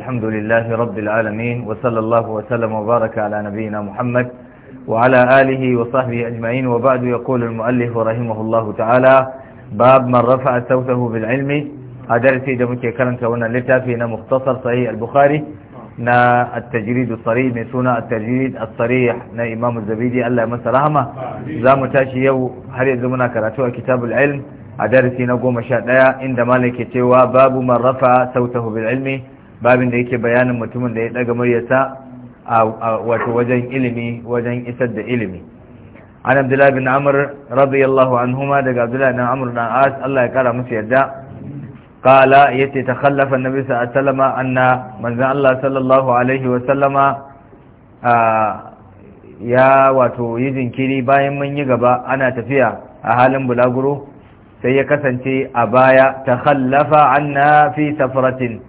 الحمد لله رب العالمين وصلى الله وسلم وبارك على نبينا محمد وعلى آله وصحبه أجمعين وبعد يقول المؤلف رحمه الله تعالى باب من رفع صوته بالعلم أدرسي دمك كرنك كونا فينا مختصر صحيح البخاري نا التجريد الصريح نسونا التجريد الصريح نا إمام الزبيدي الله مسا رحمة زام تاشي يو هل يزمنا كراتوا كتاب العلم أدرسي نقوم شاء عند مالك تيوا باب من رفع صوته بالعلم babin da yake bayanin mutumin da ya daga muryarsa a wato wajen ilimi wajen isar da ilimi an abdullahi bin amr radiyallahu anhuma daga abdullahi bin amr dan as Allah ya kara musu yadda qala yace takhallafa annabi sallallahu alaihi wasallam anna manzo Allah sallallahu alaihi wasallama ya wato yi jinkiri bayan mun yi gaba ana tafiya a halin bulaguro sai ya kasance a baya takhallafa anna fi safaratin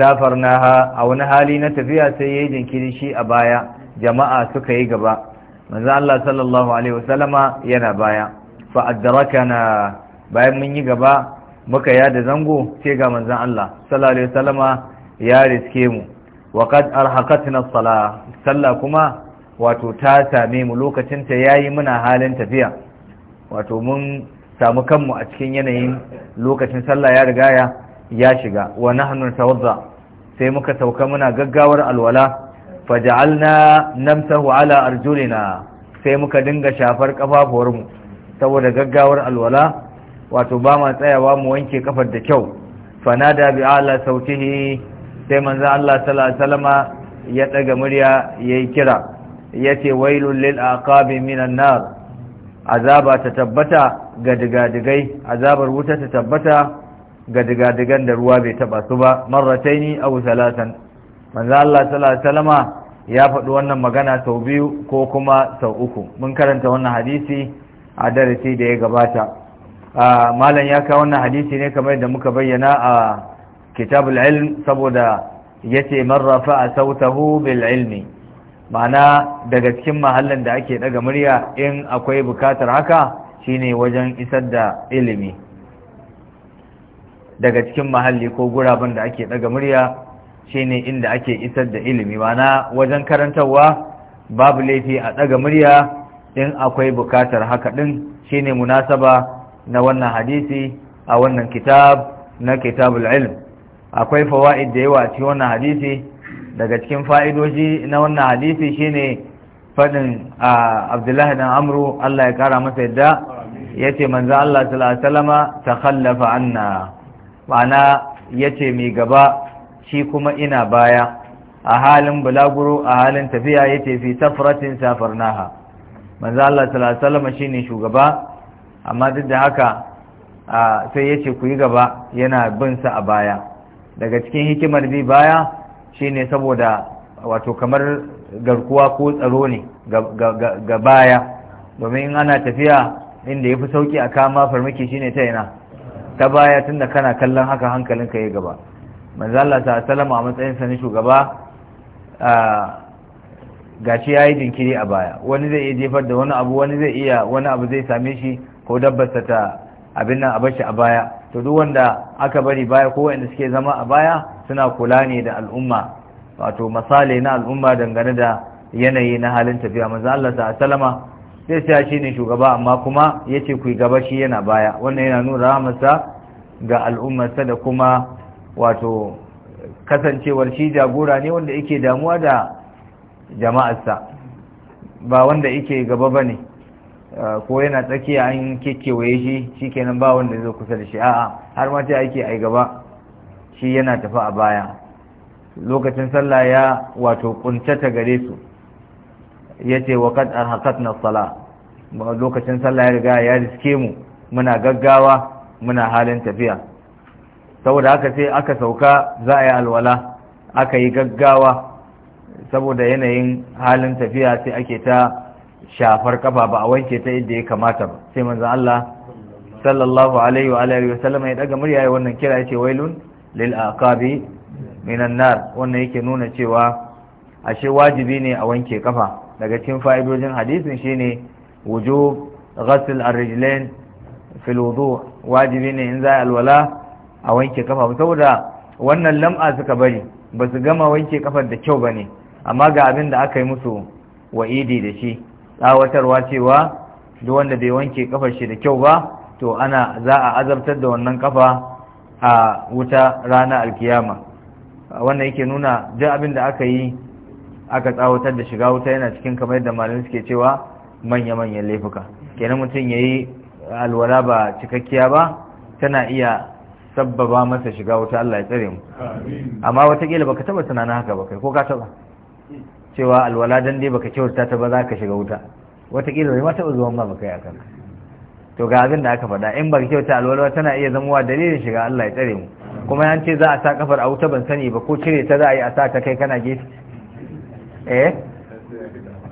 safarnaha a wani hali na tafiya sai yayi jinkiri shi a baya jama'a suka yi gaba manzo Allah sallallahu alaihi wasallama yana baya fa na bayan mun yi gaba muka yada zango sai ga manzon Allah sallallahu alaihi wasallama ya riske mu wa qad arhaqatna as-salah sallah kuma wato ta same mu lokacin ta yayi muna halin tafiya wato mun samu kanmu a cikin yanayin lokacin sallah ya riga ya shiga wa nahnu tawadda sai muka sauka muna gaggawar alwala faja'alna namsahu ala arjulina sai muka dinga shafar kafafuwarmu saboda gaggawar alwala wato ba ma tsayawa mu wanke kafar da kyau fanada bi ala sautihi sai manzo Allah sallallahu alaihi wasallama ya daga murya yayi kira yace wailul lil aqabi minan nar azaba ta tabbata ga digadigai azabar wuta ta tabbata ga digadigan da ruwa bai taba su ba marrataini aw salatan manzo Allah sallallahu alaihi wasallama ya faɗi wannan magana sau biyu ko kuma sau uku mun karanta wannan hadisi a darasi da ya gabata malam ya kawo wannan hadisi ne kamar da muka bayyana a kitabul ilm saboda yace man rafa'a sautahu bil ilmi ma'ana daga cikin mahallin da ake daga murya in akwai bukatar haka shine wajen isar da ilimi daga cikin mahalli ko guraben da ake daga murya shine inda ake isar da ilimi mana wajen karantarwa babu laifi a daga murya in akwai bukatar haka din shine munasaba na wannan hadisi a wannan kitab na kitabul ilm akwai fawaid da yawa a cikin wannan hadisi daga cikin fa'idoji na wannan hadisi shine faɗin abdullahi dan amru Allah ya kara masa yadda ya ce manzo Allah sallallahu alaihi wasallama takhallafa anna ma'ana ya ce mai gaba shi kuma ina baya a halin bulaguro a halin tafiya ya ce fi safaratin safarnaha manzo Allah sallallahu shine shugaba amma duk da haka sai ya ce ku yi gaba yana bin sa a baya daga cikin hikimar bi baya shine saboda wato kamar garkuwa ko tsaro ne ga baya domin ana tafiya inda ya fi sauki a kama farmaki shine ta yana ta baya tunda kana kallon haka hankalinka ya gaba manzo Allah ta sallama a matsayin sa ne shugaba gashi yayi jinkiri a baya wani zai iya jefar da wani abu wani zai iya wani abu zai same shi ko dabbar ta abin nan a bashi a baya to duk wanda aka bari baya ko wanda suke zama a baya suna kula ne da al'umma wato misali na al'umma dangane da yanayi na halin tafiya manzo Allah ta sallama sai sai shi ne shugaba amma kuma yace ce ku yi gaba shi yana baya wannan yana nuna rahamarsa ga al'ummarsa da kuma wato kasancewar shi jagora ne wanda yake damuwa da jama'arsa ba wanda yake gaba bane ne ko yana tsakiya an kekewaye shi shi kenan ba wanda zai kusa da shi a'a har ma ce ake ai gaba shi yana tafi a baya lokacin sallah ya wato kuntata gare su ya ce wa kad arhakat na sala lokacin sallah ya riga ya riske mu muna gaggawa muna halin tafiya saboda haka sai aka sauka za a yi alwala aka yi gaggawa saboda yanayin halin tafiya sai ake ta shafar kafa ba a wanke ta yadda ya kamata ba sai manzo Allah sallallahu alaihi wa alihi wa sallam ya daga murya ya wannan kira yace wailun lil aqabi minan nar wannan yake nuna cewa ashe wajibi ne a wanke kafa daga cikin fa'idojin hadisin shine wujub ghasl ar-rijlain al wudu wajibi ne in za alwala a wanke kafa saboda wannan lam'a suka bari ba su gama wanke kafar da kyau bane amma ga abin da aka yi musu wa'idi da shi tsawatarwa cewa duk wanda bai wanke kafar shi da kyau ba to ana za a azabtar da wannan kafa a wuta rana alkiyama wannan yake nuna duk abin da aka yi aka tsawatar da shiga wuta yana cikin kamar yadda malamai suke cewa manya-manyan laifuka kenan mutum ya yi alwala ba cikakkiya ba tana iya sabbaba masa shiga wuta Allah ya tsare mu amma watakila baka taba tunanin haka ba kai ko ka taba cewa alwala dan dai baka kyauta ta ba za ka shiga wuta watakila bai ma taba zuwan ba baka yi akan to ga abin da aka faɗa in baka kyauta alwala tana iya zamowa dalilin shiga Allah ya tsare mu kuma yan ce za a sa kafar a wuta ban sani ba ko cire ta za a yi a sa ta kai kana gefe eh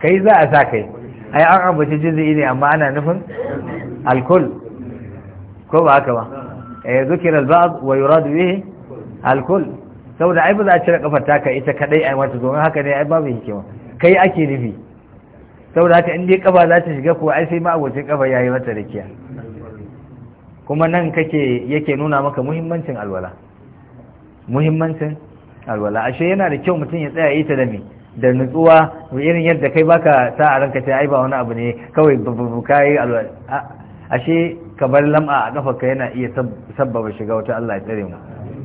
kai za a sa kai ai an ambaci juzi'i ne amma ana nufin alkul ko ba haka ba eh zukira al wa yurad bihi alkul saboda ai ba za a cire kafar taka ita kadai ai mata domin haka ne ai babu hikima kai ake nufi saboda haka in dai kafa za ta shiga ko ai sai ma abocin kafa yayi mata rakiya kuma nan kake yake nuna maka muhimmancin alwala muhimmancin alwala ashe yana da kyau mutum ya tsaya yi ta da me da nutsuwa irin yadda kai baka sa a ranka ta ai ba wani abu ne kawai babu kai alwal ashe kamar lam'a a kafarka yana iya sabbaba shiga wata Allah ya tsare mu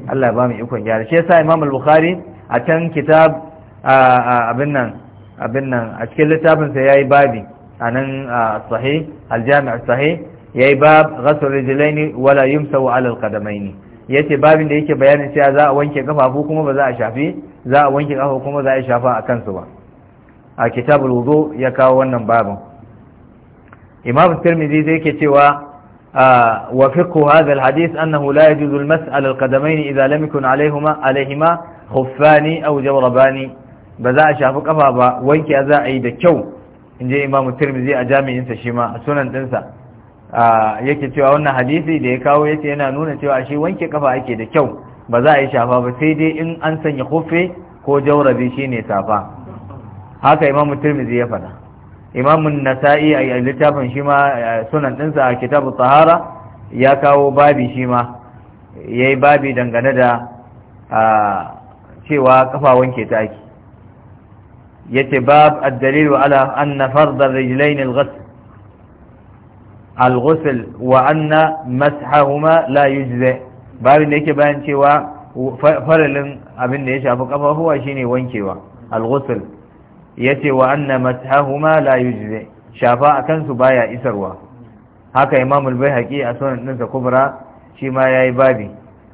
Allah ya ba mu ikon gyara shi yasa Imam al-Bukhari a can kitab abin nan abin nan a cikin littafin sa yayi babi anan sahih al-jami' sahih yayi bab ghasl rijlaini wala yumsahu ala al-qadamaini Ya ce babin da yake bayanin cewa za a wanke kafafu kuma ba za a shafi za a wanke kafa kuma za a shafa a kansu ba a kitabul wudu ya kawo wannan babin imam tirmidhi zai ke cewa wa fiqhu hadha alhadith annahu la yajuzu almas'al alqadamayn idha lam yakun alayhima alayhima khuffani aw jawrabani ba za a shafi kafa ba wanke za a yi da kyau inje imam tirmidhi a jami'in sa shi ma sunan ɗinsa. yake cewa wannan hadisi da ya kawo yace yana nuna cewa shi wanke kafa ake da kyau ba za a yi shafa ba sai dai in an sanya kofi ko jaurabi shine safa haka imam tirmidhi ya fada imam nasa'i a littafin shi ma sunan ɗinsa a kitabu tahara ya kawo babi shi ma ya yi babi dangane da cewa kafa wanke ta ake yace bab ad-dalilu ala anna ar rijlain al-ghusl al-ghusl wa anna mashahuma la yujzi babin da yake bayan cewa faralin abin da ya shafi kafafuwa shine wankewa al-ghusl yace wa anna mashahuma la yujzi shafa akan su baya isarwa haka imam al-baihaqi a sunan dinsa kubra shi ma yayi babi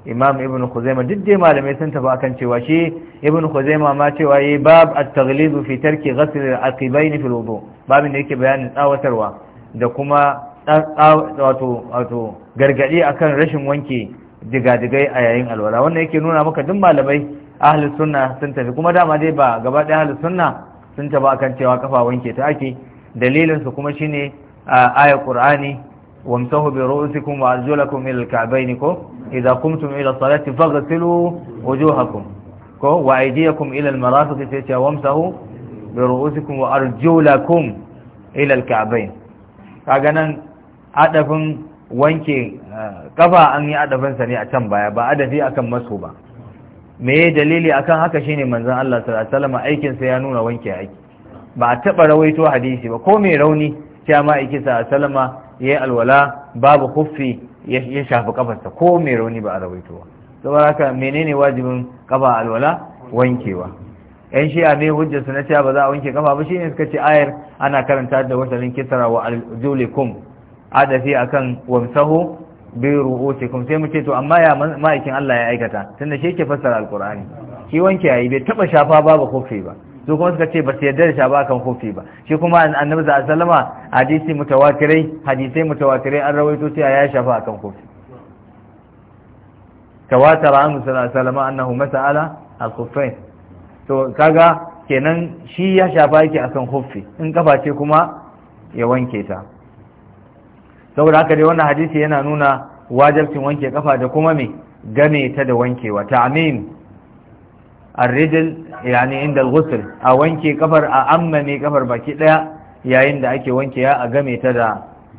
imam ibn khuzaimah duk dai malamai sun tafi akan cewa shi ibn khuzaimah ma cewa yayi bab at-taghlib fi tarki ghasl al-aqibayn fi al-wudu babin da yake bayanin tsawatarwa da kuma wato gargaɗi a akan rashin wanke digadigai a yayin alwala wannan yake nuna maka duk malamai ahlus sunna sun tafi kuma dama dai ba gaba ɗaya ahlus sunna sun tafi kan cewa kafa wanke ta ake dalilin su kuma shine aya qur'ani wamsahu bi ru'usikum wa arjulakum ila al-ka'bayn ko idza qumtum ila salati faghsilu wujuhakum ko wa aydiyakum ila al-marafiq fa ce wamsahu bi ru'usikum wa arjulakum ila al-ka'bayn kaga nan adafin wanke eh, kafa an yi adafinsa ne a can baya ba adafi akan maso ba me dalili akan haka shine manzon Allah sallallahu alaihi wasallam aikin sa ya nuna wanke aiki ba a taba rawaito hadisi ba ko me rauni cewa ma aiki sa sallama yayi alwala babu khuffi ya shafi kafarsa ko me rauni ba a rawaito ba saboda haka menene wajibin kafa alwala wankewa shi shi'a mai hujjar su na cewa ba za a wanke kafa ba ne suka ce ayar ana karanta da wasalin kisra wa aljulikum adafi akan wamsahu bi ru'usikum sai mu ce to amma ya ma'aikin Allah ya aikata tunda shi yake fassara alqur'ani shi wanke yayi bai taba shafa ba ba kofi ba su kuma suka ce ba su yarda da shafa kan kofi ba shi kuma annabi za a wasallama hadisi mutawatirai hadisai mutawatirai an rawaito sai ya shafa akan kofi tawatar an sallallahu alaihi wasallama annahu masala al-khuffain to kaga kenan shi ya shafa yake akan kofi in kafa ce kuma ya wanke ta saboda haka dai wannan hadisi yana nuna wajabcin wanke kafa da kuma me game ta da wankewa ta'mim ar-rijl yani inda al a wanke kafar a amma ne kafar baki daya yayin da ake wankewa a game ta da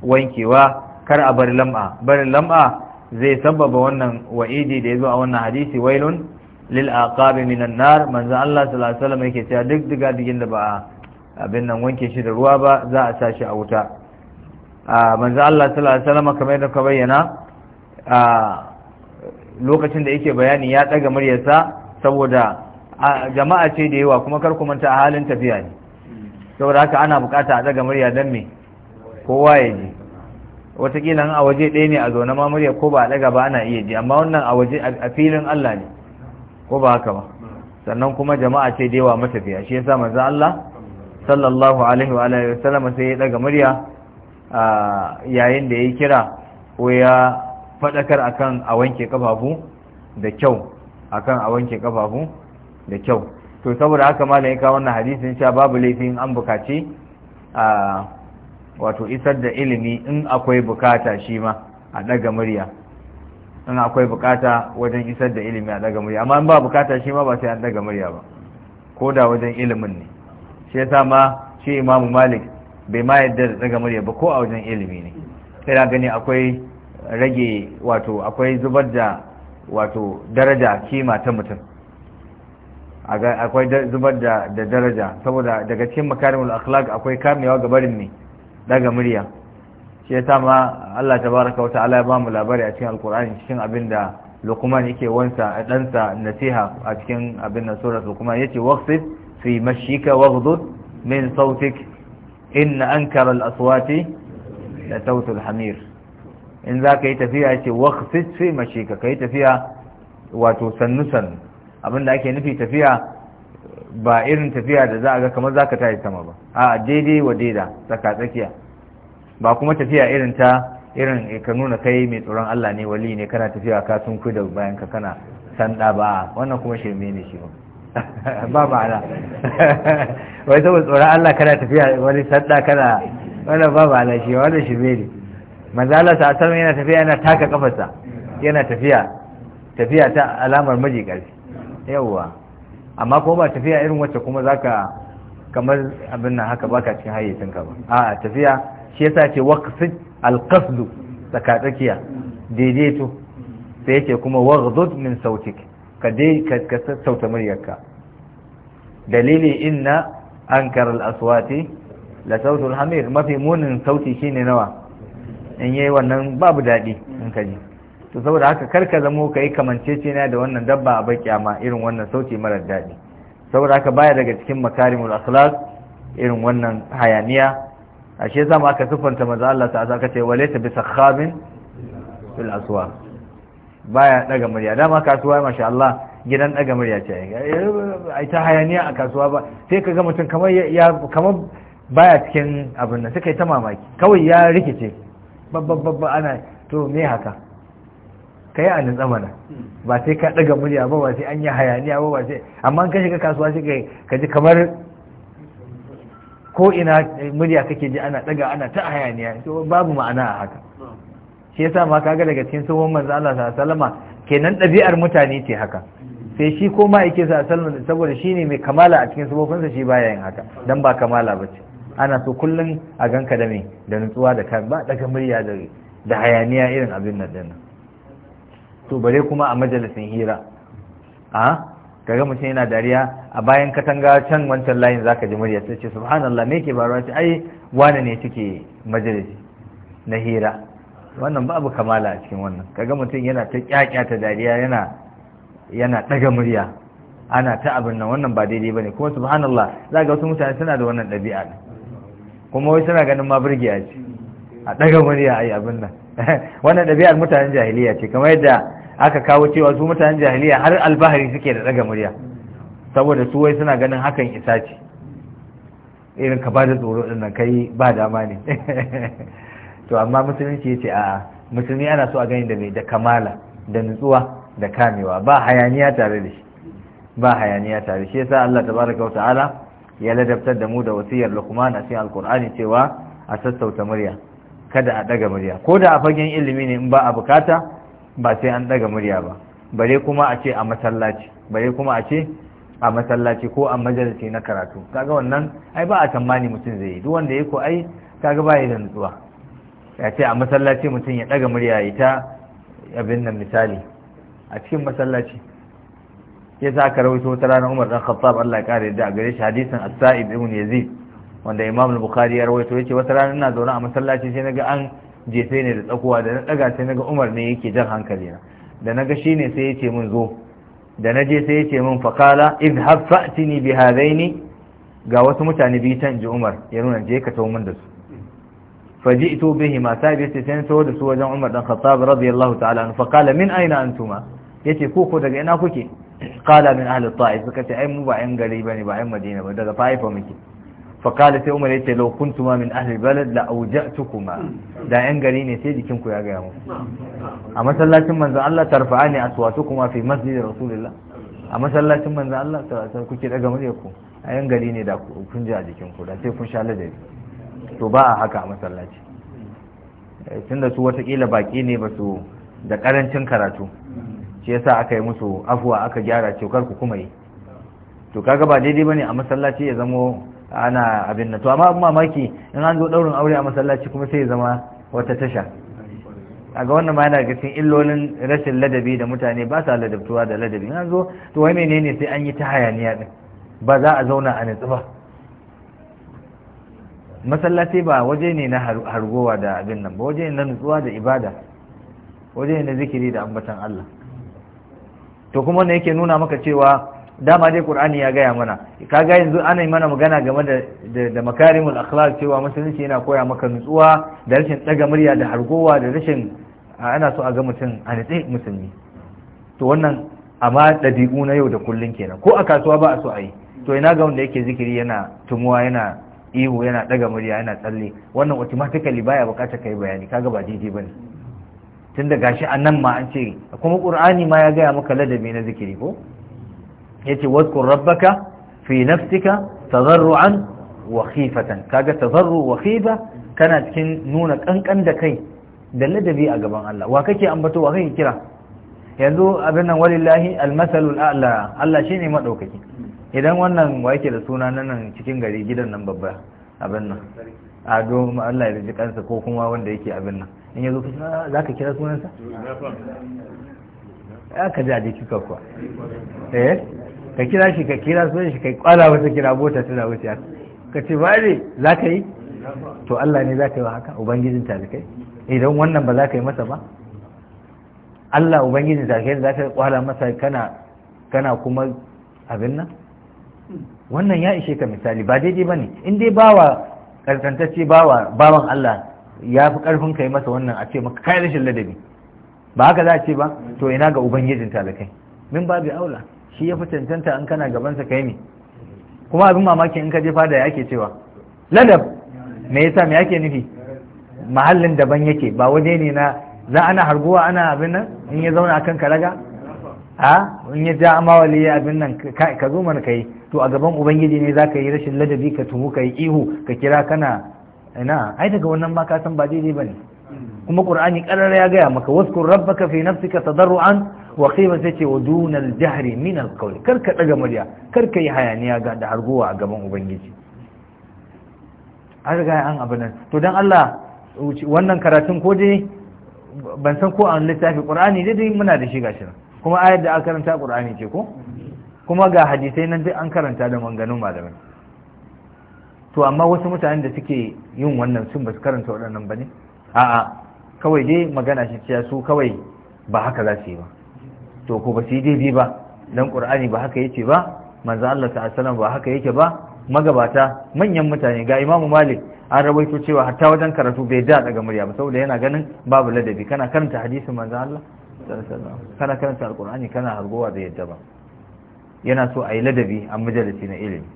wankewa kar a bari lam'a barin lam'a zai sababa wannan wa'idi da yazo a wannan hadisi wailun lil min an nar manzo Allah sallallahu alaihi wasallam yake cewa duk diga digin da ba abin nan wanke shi da ruwa ba za a sa shi a wuta manzan Allah sallallahu alaihi wasallam kamar da ka bayyana lokacin da yake bayani ya daga muryarsa saboda jama'a ce da yawa kuma kar ku manta a halin tafiya ne saboda haka ana bukata a daga murya dan me kowa ya ji watakila a waje ɗaya ne a zaune ma murya ko ba a daga ba ana iya ji amma wannan a waje a filin Allah ne ko ba haka ba sannan kuma jama'a ce da yawa matafiya shi yasa manzan Allah sallallahu alaihi wa alihi wasallam sai ya daga murya yayin da ya kira ko ya faɗakar akan a wanke kafafu da kyau akan a wanke kafafu da kyau to saboda haka malam ya kawo wannan hadisin sha babu laifin an bukaci a wato isar da ilimi in akwai bukata shi ma a daga murya in akwai bukata wajen isar da ilimi a daga murya amma in ba bukata shi ma ba sai an daga murya ba ko da wajen ilimin ne shi yasa ma shi imamu malik bai ma yadda da daga murya ba ko a wajen ilimi ne kana gani akwai rage wato akwai zubar da wato daraja kima ta mutum akwai zubar da daraja saboda daga cikin makarimul akhlaq akwai kamewa ga barin ne daga murya shi yasa ma Allah tabaraka ala ya bamu labari a cikin alkur'ani cikin abin da Luqman yake wansa a dansa nasiha a cikin abin da surat Luqman yace waqsid fi mashika waghdud min sautik inna ankaral al-aswati la hamir in za ka yi tafiya ya ce waqfit fi mashika ka yi tafiya wato sannu sannu abinda ake nufi tafiya ba irin tafiya da za a ga kamar za ka tayi sama ba a daidai wa daida tsaka tsakiya ba kuma tafiya irin ta irin ka nuna kai mai tsoron Allah ne wali ne kana tafiya ka sun kuda bayan ka kana sanda ba wannan kuma shirme ne shi ba ba ma'ana wai saboda tsoron Allah kana tafiya wani sadda kana Wani ba ma'ana shi wani shi ne manzo Allah ta san yana tafiya yana taka kafarsa yana tafiya tafiya ta alamar miji karfi yawwa amma ko ba tafiya irin wacce kuma zaka kamar abin nan haka baka cikin ka ba a tafiya shi yasa ce waqsid alqasd tsakiya daidaito sai yake kuma waghdud min sautik ka dai ka sassauta muryarka dalili inna ankar al-aswati la sautul hamir mafi munin sauti shine nawa in yi wannan babu daɗi, in ka ji to saboda haka karka zamo kai kamancecena da wannan dabba a baki amma irin wannan sauti marar daɗi. saboda haka baya daga cikin makarimul akhlaq irin wannan hayaniya ashe zama aka sufanta maza Allah ta'ala aka ce walaysa bisakhabin fil aswaq baya daga murya dama kasuwa masha Allah gidan daga murya ce ai ta hayaniya a kasuwa ba sai kaga mutum kamar ya kamar baya cikin abin nan sai yi ta mamaki kawai ya rikice babba babba ana to me haka kai a nutsa mana ba sai ka daga murya ba ba sai an yi hayaniya ba ba sai amma ka shiga kasuwa sai ka ji kamar ko ina murya kake ji ana daga ana ta hayaniya babu ma'ana a haka shi yasa ma kaga daga cikin tsohon manzo Allah sallallahu kenan ɗabi'ar mutane ce haka sai shi ko yake sa sallallahu saboda shine mai kamala a cikin sa shi baya yin haka dan ba kamala bace ana so kullum a ganka da me da nutsuwa da kan ba daga murya da da hayaniya irin abin nan din to bare kuma a majalisin hira a kaga mutum yana dariya a bayan katanga can wancan layin zaka ji murya sai ce subhanallah me yake faruwa ce ai wane ne take majalisi na hira wannan babu kamala a cikin wannan kaga mutum yana ta kyakya ta dariya yana yana daga murya ana ta abin nan wannan ba daidai bane kuma subhanallah ga wasu mutane suna da wannan dabi'a kuma wai suna ganin ma burgiya ce a daga murya ai abin nan wannan dabi'ar mutanen jahiliya ce kamar yadda aka kawo cewa su mutanen jahiliya har albahari suke da daga murya saboda su wai suna ganin hakan isa ce irin ka ba da tsoro ɗin nan kai ba dama ne to amma musulunci ya ce a musulmi ana so a gani da mai da kamala da nutsuwa da kamewa ba hayaniya tare da shi ba hayaniya tare shi yasa Allah tabaraka wa ta'ala ya ladabtar da mu da wasiyar Luqman a cikin Alkur'ani cewa a sassauta murya kada a daga murya ko da a fagen ilimi ne in ba a bukata ba sai an daga murya ba bare kuma a ce a masallaci bare kuma a ce a masallaci ko a majalisi na karatu kaga wannan ai ba a tambani mutum zai yi duk wanda ya ko ai kaga ba ya da nutsuwa ya ce a masallaci mutum ya ɗaga murya ya ta abin nan misali a cikin masallaci ya sa aka rawaito wata ranar umar dan khattab Allah ya kare da gare shi hadisin as-sa'ib ibn yazid wanda imam al-bukhari ya rawaito yace wata ranar ina zaune a masallaci sai naga an jefe ne da tsakuwa da na ɗaga sai naga umar ne yake jan hankali na da naga shine sai yace min zo da naje sai yace min faqala idhhab fa'tini bi hadaini ga wasu mutane biyu tan ji umar ya nuna je ka tawo min da su faji'tu bihima sabi sai sai so da su wajen Umar dan Khattab radiyallahu ta'ala anhu faqala min aina antuma yace ko ko daga ina kuke qala min ahli ta'if suka ce ai mu ba ƴan gari bane ba ƴan Madina ba daga faifa muke faqala sai Umar yace law kuntuma min ahli balad la awja'tukuma da ƴan gari ne sai jikin ku ya ga mu a masallacin manzon Allah tarfa'ani aswatukuma fi masjid rasulillah a masallacin manzon Allah kuke daga muryar ku a ƴan gari ne da kun ji a jikin ku da sai kun sha ladabi to ba a haka a masallaci eh, tunda su watakila baki ne ba su da karancin karatu shi yasa aka yi musu afuwa aka gyara cokar ku kuma yi to kaga ba daidai bane a masallaci ya zamo ana abin na to amma abin mamaki in an zo daurin aure a masallaci kuma sai ya zama wata tasha a ga wannan ma yana ga cikin illolin rashin ladabi da mutane ba sa ladabtuwa da ladabi in an zo to wai menene sai an yi ta hayaniya din ba za a zauna a nutsu ba masallaci ba waje ne na hargowa da abin nan ba waje ne na nutsuwa da ibada waje ne na zikiri da ambatan Allah to kuma ne yake nuna maka cewa dama dai Qur'ani ya gaya mana kaga yanzu ana yi mana magana game da da makarimul akhlaq cewa musulunci yana koya maka nutsuwa da rashin daga murya da hargowa da rashin ana so a ga mutum a nitse musulmi to wannan amma dabi'u na yau da kullun kenan ko a kasuwa ba a so a yi to ina ga wanda yake zikiri yana tumuwa yana ihu yana daga murya yana tsalle wannan automatically baya bukatar kai bayani kaga ba daidai bane tunda gashi a nan ma an ce kuma qur'ani ma ya gaya maka ladabi na zikiri ko yace wadkur rabbaka fi nafsika tadarruan wa khifatan kaga tadarru wa khifa kana cikin nuna kankan da kai da ladabi a gaban Allah wa kake ambato wa kake kira yanzu abin nan walillahi almasalul a'la Allah shine madaukaki idan wannan wa yake da suna nan cikin gari gidan nan babba abin nan a ado Allah ya ji kansa ko kuma wanda yake abin nan in yazo ah, za ka kira sunansa ya ah, ka ji a jiki ka kuwa eh ka kira shi ka kira sunan shi kai kwala wata kira bota tana wuce ka ce bare za ka yi to Allah ne za ka yi wa haka ubangijin ta kai idan wannan ba za ka yi masa ba Allah ubangijin talikai za ka kwala masa kana kana kuma abin nan wannan ya ishe ka misali ba daidai ba ne in dai bawa karkantacce bawa bawan Allah ya fi karfin kai masa wannan a ce maka kai rashin ladabi ba haka za a ce ba to ina ga ubangijin talakai min babu aula shi ya fi cancanta an kana gabansa kai ne kuma abin mamaki in ka je fada ya ake cewa ladab me yasa me yake nufi mahallin daban yake ba waje ne na za ana harguwa ana abin nan in ya zauna akan karaga a in ya ja amawali abin nan ka zo mana kai to a gaban ubangiji ne za ka yi rashin ladabi ka tuhu ka yi ihu ka kira kana ina ai daga wannan ma ka san ba daidai bane kuma qur'ani karara ya gaya maka waskur rabbaka fi nafsika tadarruan wa qima sace wa al jahri min qawl kar ka daga murya kar ka yi hayaniya ga da harguwa a gaban ubangiji har ga an abinan to dan Allah wannan karatun ko dai ban san ko a littafi qur'ani dai muna da shi gashi kuma ayar da aka karanta qur'ani ce ko kuma ga hadisai nan duk an karanta da manganun malamai to amma wasu mutanen da suke yin wannan sun ba su karanta waɗannan ba ne a'a kawai dai magana shi cewa su kawai ba haka za su yi ba to ko ba su yi daidai ba dan qur'ani ba haka yake ba manzo Allah ta'ala ba haka yake ba magabata manyan mutane ga imamu malik an rawaito cewa hatta wajen karatu bai da daga murya ba saboda yana ganin babu ladabi kana karanta hadisin manzo Allah kana karanta alqur'ani kana hargowa da yadda ba yana so a yi ladabi a majalisi na ilimi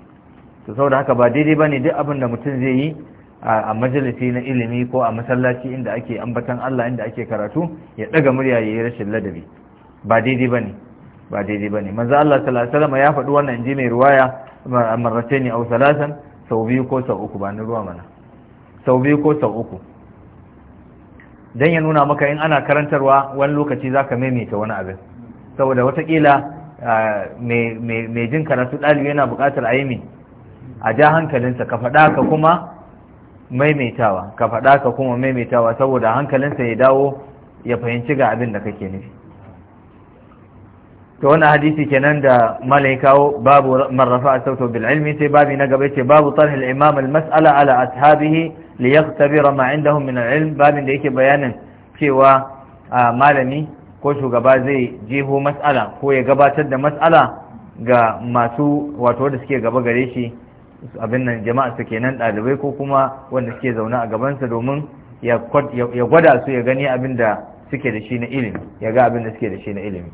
to saboda haka ba daidai ba ne duk abin da mutum zai yi a majalisi na ilimi ko a masallaci inda ake ambatan Allah inda ake karatu ya ɗaga murya ya yi rashin ladabi ba daidai ba ne ba daidai ba ne manzo Allah sallallahu alaihi ya faɗi wannan ji mai ruwaya a aw salasan sau biyu ko sau uku ba ni ruwa mana sau biyu ko sau uku dan ya nuna maka in ana karantarwa wani lokaci zaka maimaita wani abin saboda watakila mai jin karatu ɗalibi yana buƙatar aimi a ja hankalinsa ka faɗa ka kuma maimaitawa ka faɗa ka kuma maimaitawa saboda hankalinsa ya dawo ya fahimci ga abin da kake nufi to wani hadisi kenan da malai kawo babu marrafa a sautau bil ilmi sai babi na gaba ce babu tarhil imam al mas'ala ala ashabihi li yakhtabira ma indahum min al ilm babin da yake bayanin cewa malami ko shugaba zai jeho matsala ko ya gabatar da matsala ga masu wato da suke gaba gare shi abin nan jama'a su kenan ɗalibai ko kuma wanda suke zaune a gabansa domin ya gwada su ya gani abin da suke da shi na ilimi ya ga abin da suke da shi na ilimi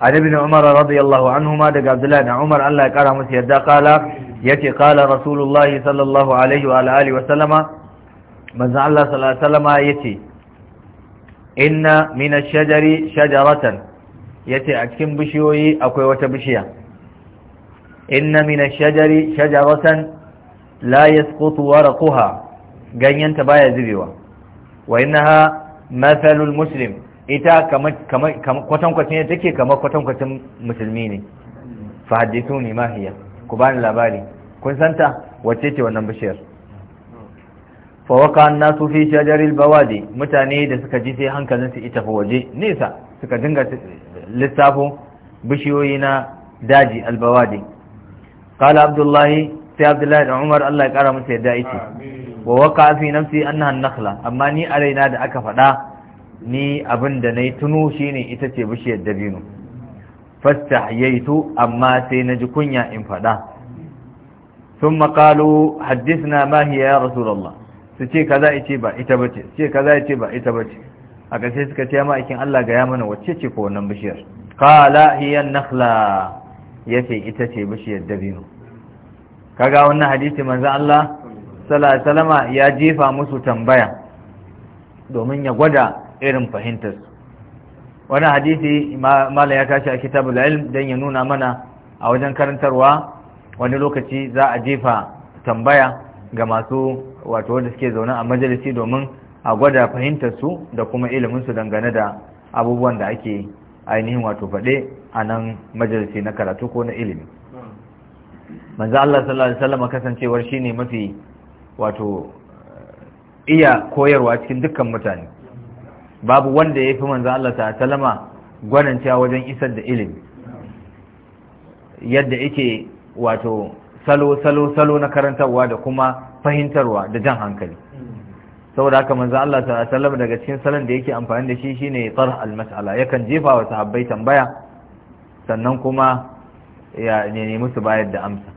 an ibn umar radiyallahu anhuma daga abdullahi da umar Allah ya kara musu yadda kala yace kala rasulullahi sallallahu alaihi wa alihi wa sallama manzo Allah sallallahu alaihi wa sallama yace inna min ash-shajari shajaratan yace a cikin bishiyoyi akwai wata bishiya inna min ash-shajari shajaratan la yasqutu warqaha ganyenta baya zubewa wa innaha mathalul muslim ita kwatankwacin ya take kamar kwatankwacin musulmi ne fa haddisu ne mahiya ku bani labari kun santa wacce ce wannan bishiyar fa waka annasu fi shajaril bawadi mutane da suka ji sai hankalin su ita fa waje nesa suka dinga lissafo bishiyoyi na daji albawadi kala abdullahi sai abdullahi da umar Allah ya kara musu yadda ita wa waka fi nafsi annaha nakhla amma ni alaina da aka faɗa ni abin da na yi tunu shi ne ita ce bishiyar dabino yaitu, amma sai na ji kunya in faɗa sun makalo haddisna mahiya ya rasulallah su ce ka kaza ce ba ita bace su ce kaza ce ba ita bace a ƙarshe suka ce ma'aikin Allah ga ya mana wacce ce ko wannan bishiyar kala hiyan nakhla ya ce ita ce bishiyar dabino kaga wannan hadisi manzan Allah salama ya jefa musu tambaya domin ya gwada irin fahimtarsu wani hadisi malam ya tashi a kitabul ilm don ya nuna mana a wajen karantarwa wani lokaci za a jefa tambaya ga masu wato wanda suke zaune a majalisi domin a gwada fahimtar su da kuma iliminsu dangane da abubuwan da ake ainihin wato faɗe a nan majalisi na karatu ko na ilimi manzo Allah sallallahu alaihi wasallam kasancewar shine mafi wato eh, iya koyarwa cikin dukkan mutane babu wanda ya fi manzan Allah ta talama gwanancewa wajen isar da ilimi yadda yake wato salo-salo-salo na karantarwa da kuma fahimtarwa da jan hankali saboda haka manzan Allah ta talama daga cikin salon da yake amfani da shi shine tsar al-mas'ala yakan jefa wa sahabbai tambaya sannan kuma ya nemi musu bayar da amsa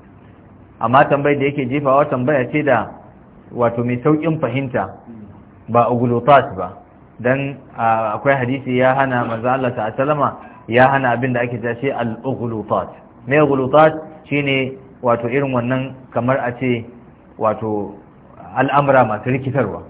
amma tambayar da yake jefawa tambaya ce da wato mai saukin fahimta ba a ba dan akwai hadisi ya hana manzo Allah ta sallama ya hana abin da ake ta shi al-ughlutat me ughlutat shine wato irin wannan kamar a ce wato al'amura masu rikitarwa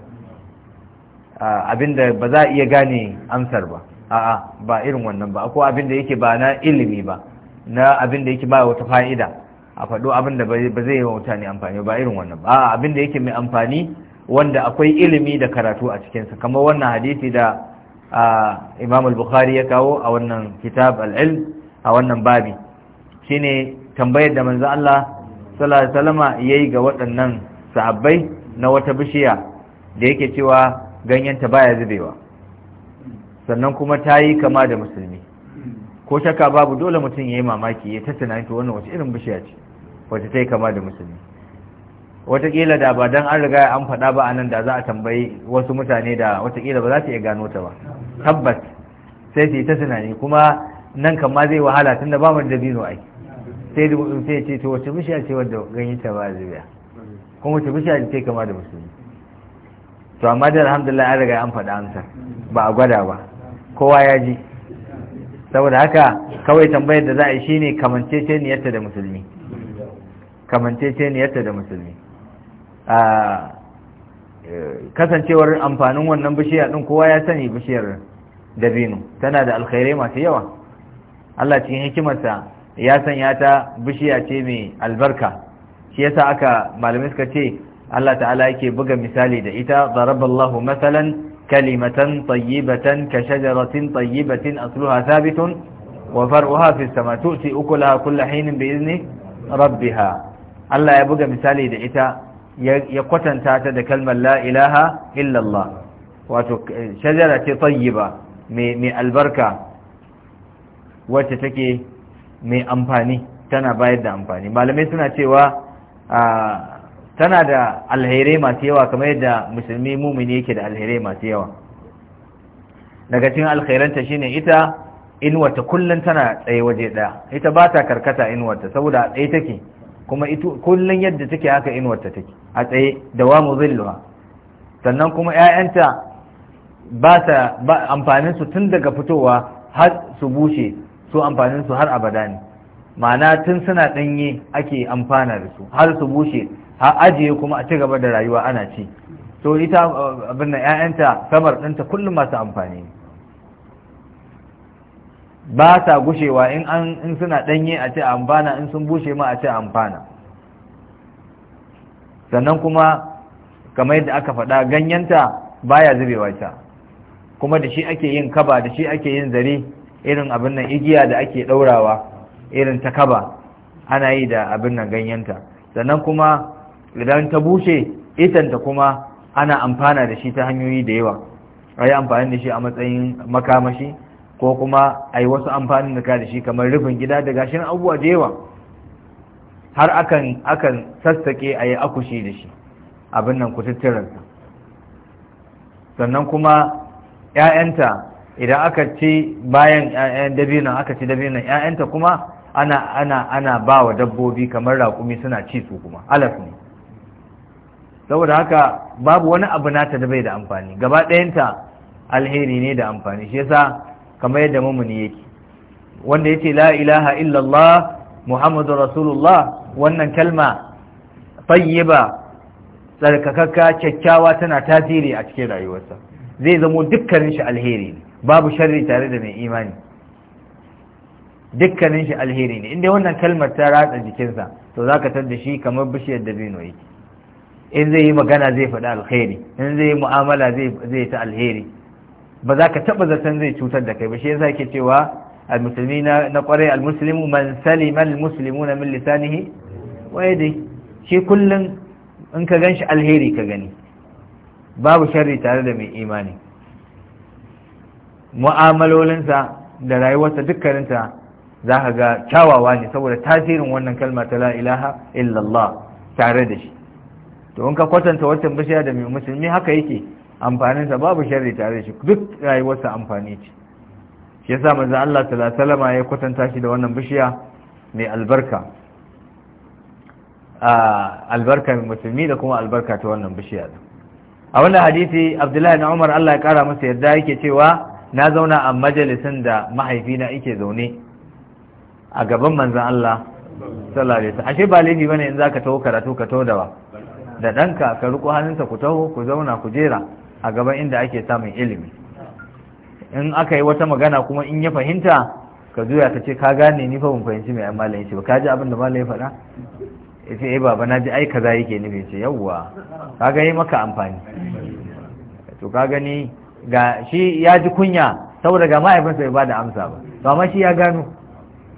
abinda ba za a iya gane amsar ba a'a ba irin wannan ba ko abinda yake ba na ilimi ba na abinda yake ba wata fa'ida a faɗo abinda ba zai yi wa mutane amfani ba irin wannan ba a'a abinda yake mai amfani wanda akwai ilimi da karatu a cikinsa kamar wannan hadisi da imam al-bukhari ya kawo a wannan kitab al-ilm a wannan babi shine tambayar da manzo Allah sallallahu alaihi wasallam yayi ga waɗannan sahabbai na wata bishiya da yake cewa ganyenta baya zubewa sannan kuma ta yi kama da musulmi ko shakka babu dole mutum ya yi mamaki ya ta tunani to wannan wace irin bishiya ce wacce ta yi kama da musulmi watakila da ba don an riga an faɗa ba a nan da za a tambayi wasu mutane da watakila ba za su iya gano ta ba tabbas sai su yi ta tunani kuma nan kan ma zai wahala tunda ba mu da bino ai sai da mutum sai ce to wace bishiya ce wadda ganyen ta ba zubiya kuma wace bishiya ce kama da musulmi to amma da alhamdulillah an riga an faɗa amsa ba a gwada ba kowa ya ji saboda haka kawai tambayar da za a yi shine kamancece da musulmi kamancece da musulmi a e, kasancewar amfanin wannan bishiyar din kowa ya sani bishiyar dabino tana da alkhairai masu yawa Allah cikin hikimarsa ya sanya ta bishiya ce mai albarka shi yasa aka malamai suka ce Allah ta'ala yake buga misali da ita daraballahu masalan kalimatan tayyibatan ka shajaratin tayyibatin asluha thabitun wa far'uha fi sama tu'ti ukulaha kullu hinin bi rabbiha Allah ya buga misali da ita ya kwatanta ta da kalmar la ilaha illallah wato shajara ce tayyiba mai albarka wacce take mai amfani tana bayar da amfani malamai suna cewa tana da alherai masu yawa kamar yadda musulmi mumini yake da alherai masu yawa daga cikin alkhairanta shine ita inwata kullum tana tsaye waje ɗaya ita ba ta karkata inuwarta saboda a tsaye take kuma ito kullun yadda take haka inuwarta take a tsaye dawamu zilluha sannan kuma 'ya'yanta ba ta amfanin su tun daga fitowa har su bushe su amfanin su har abada ne ma'ana tun suna danye ake amfana da su har su bushe har ajiye kuma a ci gaba da rayuwa ana ci to ita uh, abin 'ya'yanta ƴaƴanta samar ɗinta kullum masu amfani ne ba sa gushewa in an in suna danye a ce amfana in sun bushe ma a ce amfana sannan kuma kamar yadda aka faɗa ganyenta baya zubewa ta kuma da shi ake yin kaba da shi ake yin zare irin abin nan igiya da ake ɗaurawa irin ta kaba ana yi da abin nan ganyenta sannan kuma idan ta bushe itanta kuma ana amfana da shi ta hanyoyi da yawa a yi amfani da shi a matsayin makamashi ko kuma a yi wasu amfanin da da shi kamar rufin gida da gashin abubuwa da yawa har akan akan sassaƙe a yi akushi da shi abin nan kututturarsa sannan kuma 'ya'yanta idan aka ci bayan 'ya'yan dabinan aka ci dabinan 'ya'yanta kuma ana ana ana ba wa dabbobi kamar raƙumi suna ci su kuma alas ne saboda haka babu wani abu nata da bai da amfani gaba ɗayanta alheri ne da amfani shi yasa kamar yadda mumuni yake wanda yace la ilaha illallah muhammadu rasulullah wannan kalma tayyiba tsarkakakka kyakkyawa tana tasiri a cikin rayuwarsa zai zamo dukkanin shi alheri ne babu sharri tare da mai imani dukkanin shi alheri ne inda wannan kalmar ta ratsa jikinsa to za ka da shi kamar bishiyar da zino yake in zai yi magana zai faɗi alheri in zai yi mu'amala zai ta alheri ba za ka taɓa zaton zai cutar da kai ba shi yasa yake cewa almusulmi na kwarai almuslimu man salima na min lisanihi waye dai shi kullum in ka gan shi alheri ka gani babu sharri tare da mai imani mu'amalolinsa da rayuwarsa dukkaninta za ka ga kyawawa ne saboda tasirin wannan kalma ta la illallah tare da shi to in ka kwatanta wata bishiya da mai musulmi haka yake amfaninsa babu sharri tare shi duk rayuwarsa amfani ce shi yasa manzo Allah sallallahu ya kwatanta shi da wannan bishiya mai albarka albarka mai musulmi da kuma albarka ta wannan bishiya a wannan hadisi Abdullahi ibn Umar Allah ya kara masa yadda yake cewa na zauna a majalisin da mahaifina yake zaune a gaban manzo Allah sallallahu alaihi wasallam ashe ba laifi bane in zaka taho karatu ka taho da ba da danka ka riko hannunsa ku taho ku zauna ku jera a gaban inda ake samun ilimi in aka yi wata magana kuma in ya fahimta ka zuya ka ce ka gane ni fa ban fahimci mai malam yace ba ka ji abin da ya faɗa yace eh baba na ji ai kaza yake nufi ce yawwa ka ga yi maka amfani to ka gani ga shi ya ji kunya saboda ga mahaifinsa bai ba da amsa ba to amma shi ya gano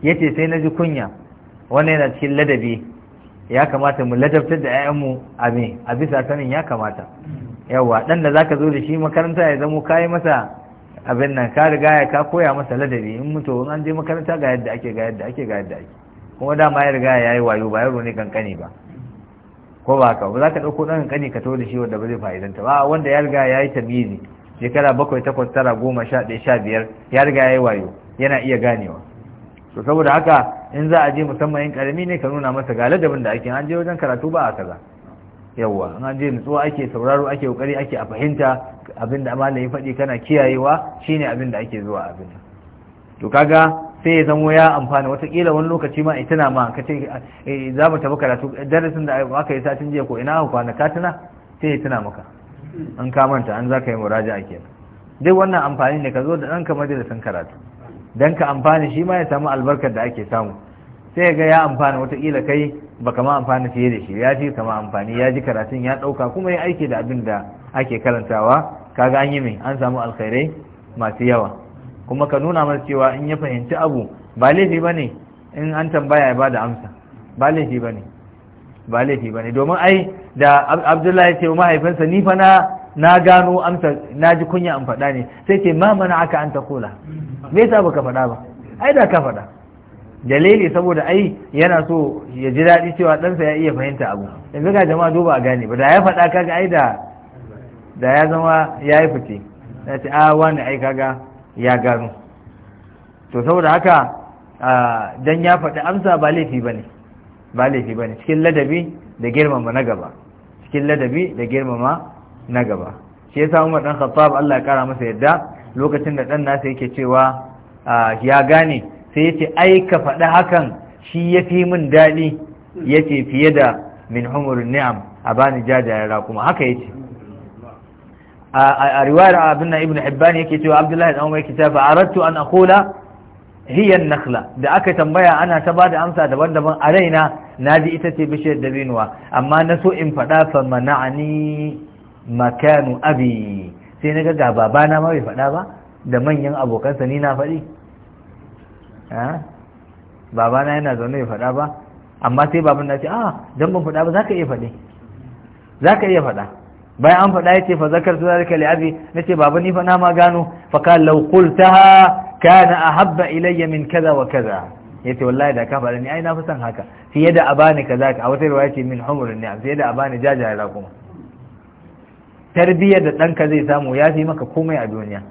yace sai na ji kunya wannan yana cikin ladabi ya kamata mu ladabtar da 'ya'yanmu a a bisa sanin ya kamata yawa dan da zaka zo da shi makaranta ya zamo kai masa abin nan ka riga ya ka koya masa ladabi in mutu in an je makaranta ga yadda ake ga yadda ake ga yadda ake kuma ma ya riga ya yi wayo ba yaro ne kankani ba ko ba ka ba za ka ɗauko kankani ka tawo da shi wanda ba zai fa'idanta ba wanda ya riga ya yi tamizi shekara bakwai takwas tara goma sha ɗaya sha biyar ya riga ya yi wayo yana iya ganewa to saboda haka in za a je musamman yin karami ne ka nuna masa ga ladabin da ake an je wajen karatu ba a kaza yawa an je nutsuwa ake sauraro ake kokari ake a fahimta abinda amala ya faɗi kana kiyayewa shine abinda ake zuwa abin to kaga sai ya zamo ya amfana watakila wani lokaci ma ita na ma ka ce eh, za mu tafi karatu darasin da aka yi satin jiya ko ina aka kwana ka tuna sai ya tuna maka an ka manta an za ka yi muraja a kenan duk wannan amfani ne ka zo da ɗanka majalisin karatu Dan ka amfani shi ma ya samu albarkar da ake samu sai ga ya amfana watakila kai ba kama amfani fiye da shi ya fi kama amfani ya ji karatun ya ɗauka kuma ya aiki da abin da ake karantawa kaga an yi mai an samu alkhairai masu yawa kuma ka nuna masa cewa in ya fahimci abu ba laifi ba ne in an tambaya ya ba da amsa ba laifi ba ne ba laifi ba ne domin ai da abdullahi ce wa mahaifinsa ni fa na na gano amsa na ji kunya an faɗa ne sai ce ma mana aka an ta kula me yasa baka faɗa ba ai da ka faɗa dalili saboda ai yana so ya ji daɗi cewa ɗansa ya iya fahimta abu yanzu ga jama'a duba a gane ba da ya faɗa kaga ai da da ya zama ya yi fice ya ce a ah, wani ai kaga ya gano to saboda haka dan ya faɗi amsa ba laifi bane ba laifi bane cikin ladabi da girmama na gaba cikin ladabi da girmama na gaba shi yasa Umar dan Khattab Allah ya kara masa yadda lokacin da ɗan nasa yake cewa ya gane sai yace ai ka faɗi hakan shi ya fi min daɗi yace fiye da min humurin ni'am a bani jajayen kuma haka yace a riwayar abin na ibn hibban yake cewa abdullahi dan umar yake cewa aradtu an aqula hiyan nakla, da aka tambaya ana ta bada amsa daban-daban a raina naji ita ce bishiyar dabinuwa amma na so in faɗa fa mana'ani makanu abi sai na ga babana ma bai faɗa ba da manyan abokansa ni na faɗi babana yana zaune ya faɗa ba amma sai baban na ce a ah, dan ban faɗa ba za ka iya faɗi za ka iya faɗa bayan an faɗa ya ce fa zakar su zarika li na ce baba ni fa na ma gano fa ka ka na a habba ilayya min kaza wa kaza ya ce wallahi da ka faɗa ni ai na fi son haka fiye da abani kaza ka a wata riwaya ce min humurin a fiye da abani jajayen raƙuma tarbiyyar da ɗanka zai samu ya fi maka komai a duniya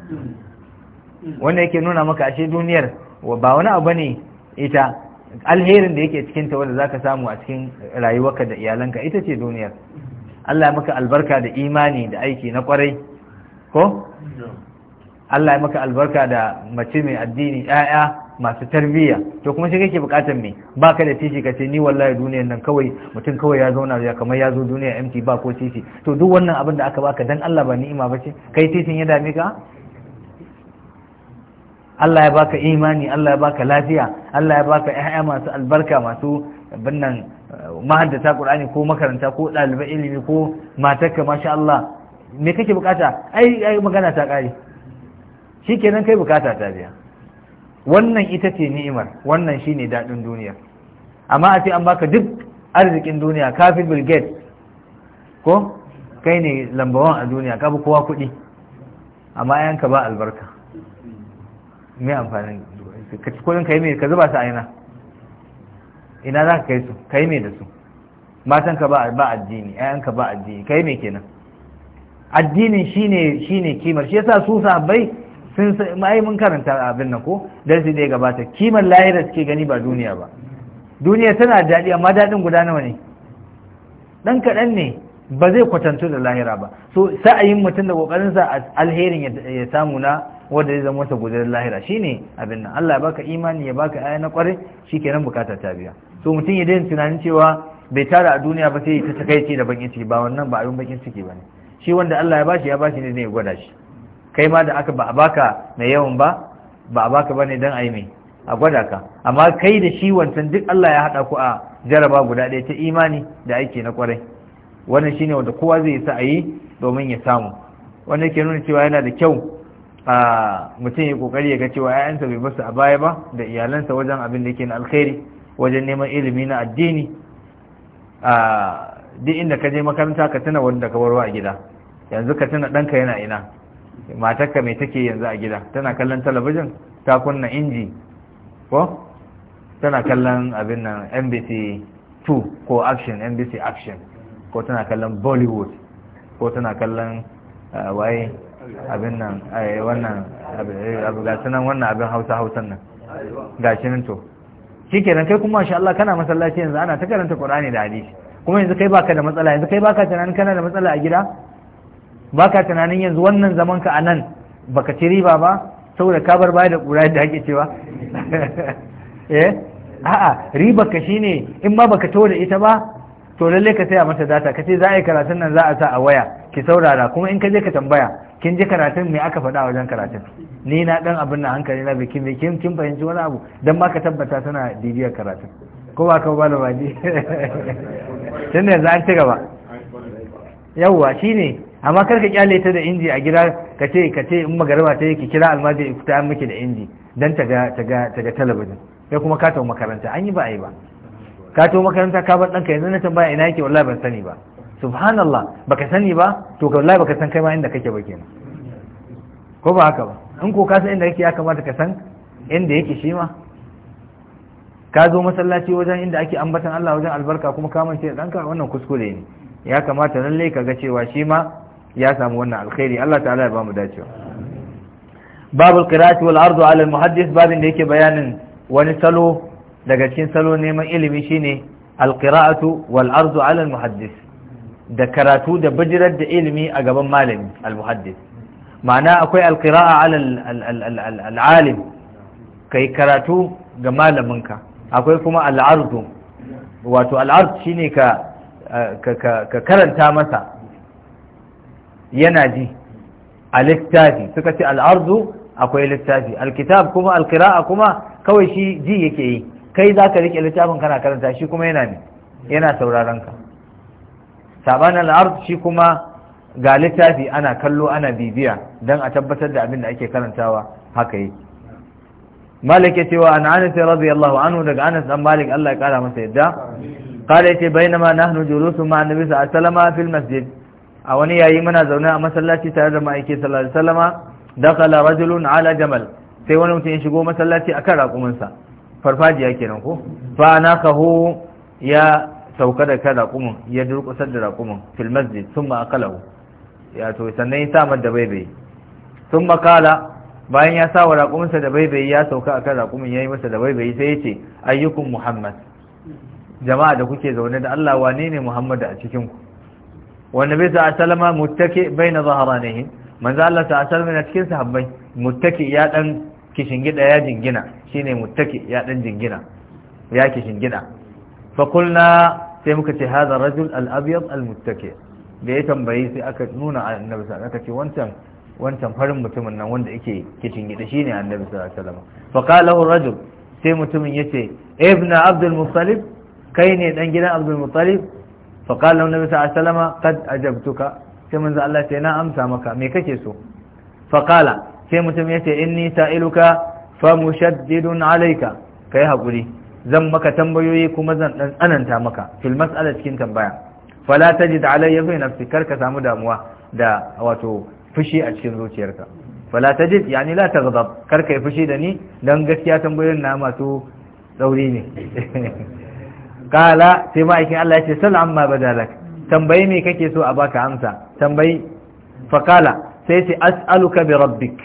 wanda yake nuna maka ashe duniyar ba wani abu ne ita alherin da yake cikinta wanda zaka samu a cikin rayuwarka da iyalanka ita ce duniyar Allah maka albarka da imani da aiki na kwarai ko Allah maka albarka da mace mai addini ƴaƴa masu tarbiyya to kuma shi kake bukatar me ba ka da titi ce ni wallahi duniyar nan kawai mutum kawai ya zauna ya kamar ya zo duniya mt ba ko titi to duk wannan abin da aka baka dan Allah ba ni'ima ce kai titin ya dame ka Allah ya baka imani Allah ya baka lafiya Allah ya baka ƴaƴa masu albarka masu binnan eh, mahaddata Qur'ani ko makaranta ko ɗalibai ilimi ko matarka masha Allah me kake bukata ai ai magana ta kare shikenan kai bukata ta biya wannan ita ce ni'imar wannan shine daɗin duniya amma a ce an baka duk arzikin duniya kafi Bill Gates ko kai ne lambawan a duniya kafi kowa kuɗi amma yanka ba albarka mai amfanin ka ka yi mai ka zuba su a ina za ka kai su ka yi mai da su matan ka ba addini ayan ka ba addini ka yi mai kenan Addini shine shine kimar shi yasa su sahabbai sun ai mun karanta abin nan ko dan da ya gabata kimar lahira suke gani ba duniya ba duniya tana daɗi amma daɗin guda nawa ne ɗan kaɗan ne ba zai kwatantu da lahira ba so sa'ayin mutum da ƙoƙarinsa alherin ya samu na wanda zai zama masa gudanar lahira Shi ne abin nan Allah ya baka imani ya baka aya na shi nan bukata ta biya so mutum ya daina tunanin cewa bai tara a duniya ba sai ta takaice da bakin ciki ba wannan ba abin bakin ciki ba ne. shi wanda Allah ya bashi ya bashi ne zai gwada shi kai ma da aka ba a baka mai yawan ba ba a baka bane dan ayi mai a gwada ka amma kai da shi wancan duk Allah ya haɗa ku a jaraba guda ɗaya ta imani da aiki na kwarai wannan ne wanda kowa zai sa a yi domin ya samu wannan ke nuna cewa yana da kyau a mutum ya kokari ya ga cewa ƴaƴansa bai basu a baya ba da iyalansa wajen abin da ke na alkhairi wajen neman ilimi na addini duk inda ka je makaranta ka tuna wanda ka warwa a gida yanzu ka tuna ɗanka yana ina matarka mai take yanzu a gida tana kallon talabijin ta kunna inji ko tana kallon abin nan NBC 2 ko action NBC action ko tana kallon Bollywood ko tana kallon waye abin nan wannan eh, abu ga sunan wannan abin hausa hausan nan gashi nan to shikenan kai kuma masha Allah kana masallaci yanzu ana ta karanta Qur'ani da hadisi kuma yanzu kai baka da matsala yanzu kai baka tunanin kana da matsala a gida baka tunanin yanzu wannan zaman ka anan baka ci riba ba saboda ka bar baya da Qur'ani da hake cewa eh a'a riba ka shine in ma baka tawo da ita ba to lalle ka saya mata data ka ce za a yi karatun nan za a sa a waya ki saurara kuma in ka je ka tambaya kin ji karatun me aka faɗa wajen karatun ni na dan abin na hankali na bikin bikin kin fahimci wani abu dan ma ka tabbata tana bibiyar karatun ko ba ka ba da waje tun yanzu an ci gaba yawwa shine amma kar ka kyale ta da inji a gida ka ce ka ce in magarba ta ki kira almajiri ku ta miki da inji dan ta ga ta ga ta ga talabijin sai kuma ka tawo makaranta an yi ba a yi ba ka tawo makaranta ka bar ɗanka yanzu na tambaya ina yake wallahi ban sani ba subhanallah baka sani ba to wallahi baka san kai ma inda kake ba kenan ko ba haka ba in ko ka san inda kake ya kamata ka san inda yake shi ma ka zo masallaci wajen inda ake ambatan Allah wajen albarka kuma ka mance da danka wannan kuskure ne ya kamata lalle ka ga cewa shi ma ya samu wannan alkhairi Allah ta'ala ya ba mu dacewa babul qira'ati wal ardu ala al muhaddis babin da yake bayanin wani salo daga cikin salo neman ilimi shine al qira'atu wal ardu ala al muhaddis da karatu da bijirar da ilimi a gaban malami al-muhaddis ma'ana akwai alqira'a ala al-alim kai karatu ga malaminka akwai kuma al'ardu wato al'ard shine ka ka karanta masa yana ji a littafi suka ce al'ardu akwai littafi alkitab kuma alqira'a kuma kawai shi ji yake yi kai zaka rike littafin kana karanta shi kuma yana ne yana sauraron ka saban al'ard shi kuma ga littafi ana kallo ana bibiya don a tabbatar da abin da ake karantawa haka yi malik ya cewa an anas radiyallahu anhu daga anas dan malik Allah ya kara masa yadda قال يتي بينما نحن جلوس مع النبي صلى الله عليه وسلم في a wani yayi mana zaune a masallaci tare da ma'aiki sallallahu alaihi wasallama dakala rajulun ala jamal sai wani mutum ya shigo masallaci akan kan sa farfajiya kenan ko fa nakahu ya sauka da kada raƙumin ya durƙusar da raƙumin fil masjid sun ma'akalahu ya to sannan ya samar da baibayi sun makala bayan ya sawa raƙuminsa da baibayi ya sauka a kan raƙumin ya yi masa da baibayi sai ya ce ayyukun muhammad jama'a da kuke zaune da allah wane ne muhammad a cikinku wanda bai sa'a salama muttake bai na zahara ne manzo allah sa'a salama na cikin sahabbai muttake ya dan kishingida ya jingina shine muttake ya dan jingina ya gida fakulna sai muka ce haza rajul al-abyad al-muttaki da ya tambayi sai aka nuna annabi sallallahu aka ce wancan wancan farin mutumin nan wanda yake kicin gida shine annabi sallallahu alaihi wasallam fa qala lahu rajul sai mutumin ya yace ibn abdul muttalib kai ne dan gidan abdul muttalib fa qala annabi sallallahu salama kad ajabtuka sai manzo Allah sai na amsa maka me kake so fa qala sai mutum yace inni sa'iluka fa mushaddidun alayka kai hakuri zan maka tambayoyi kuma zan dan tsananta maka fil mas'ala cikin tambaya fala tajid alayya fi nafsi kar ka samu damuwa da wato fushi a cikin zuciyarka fala tajid yani la taghdab kar ka yi fushi da ni dan gaskiya tambayoyin na masu tsauri ne kala sai ma'aikin Allah ya ce sal amma badalak tambayi me kake so a baka amsa tambayi fakala sai ce as'aluka bi rabbik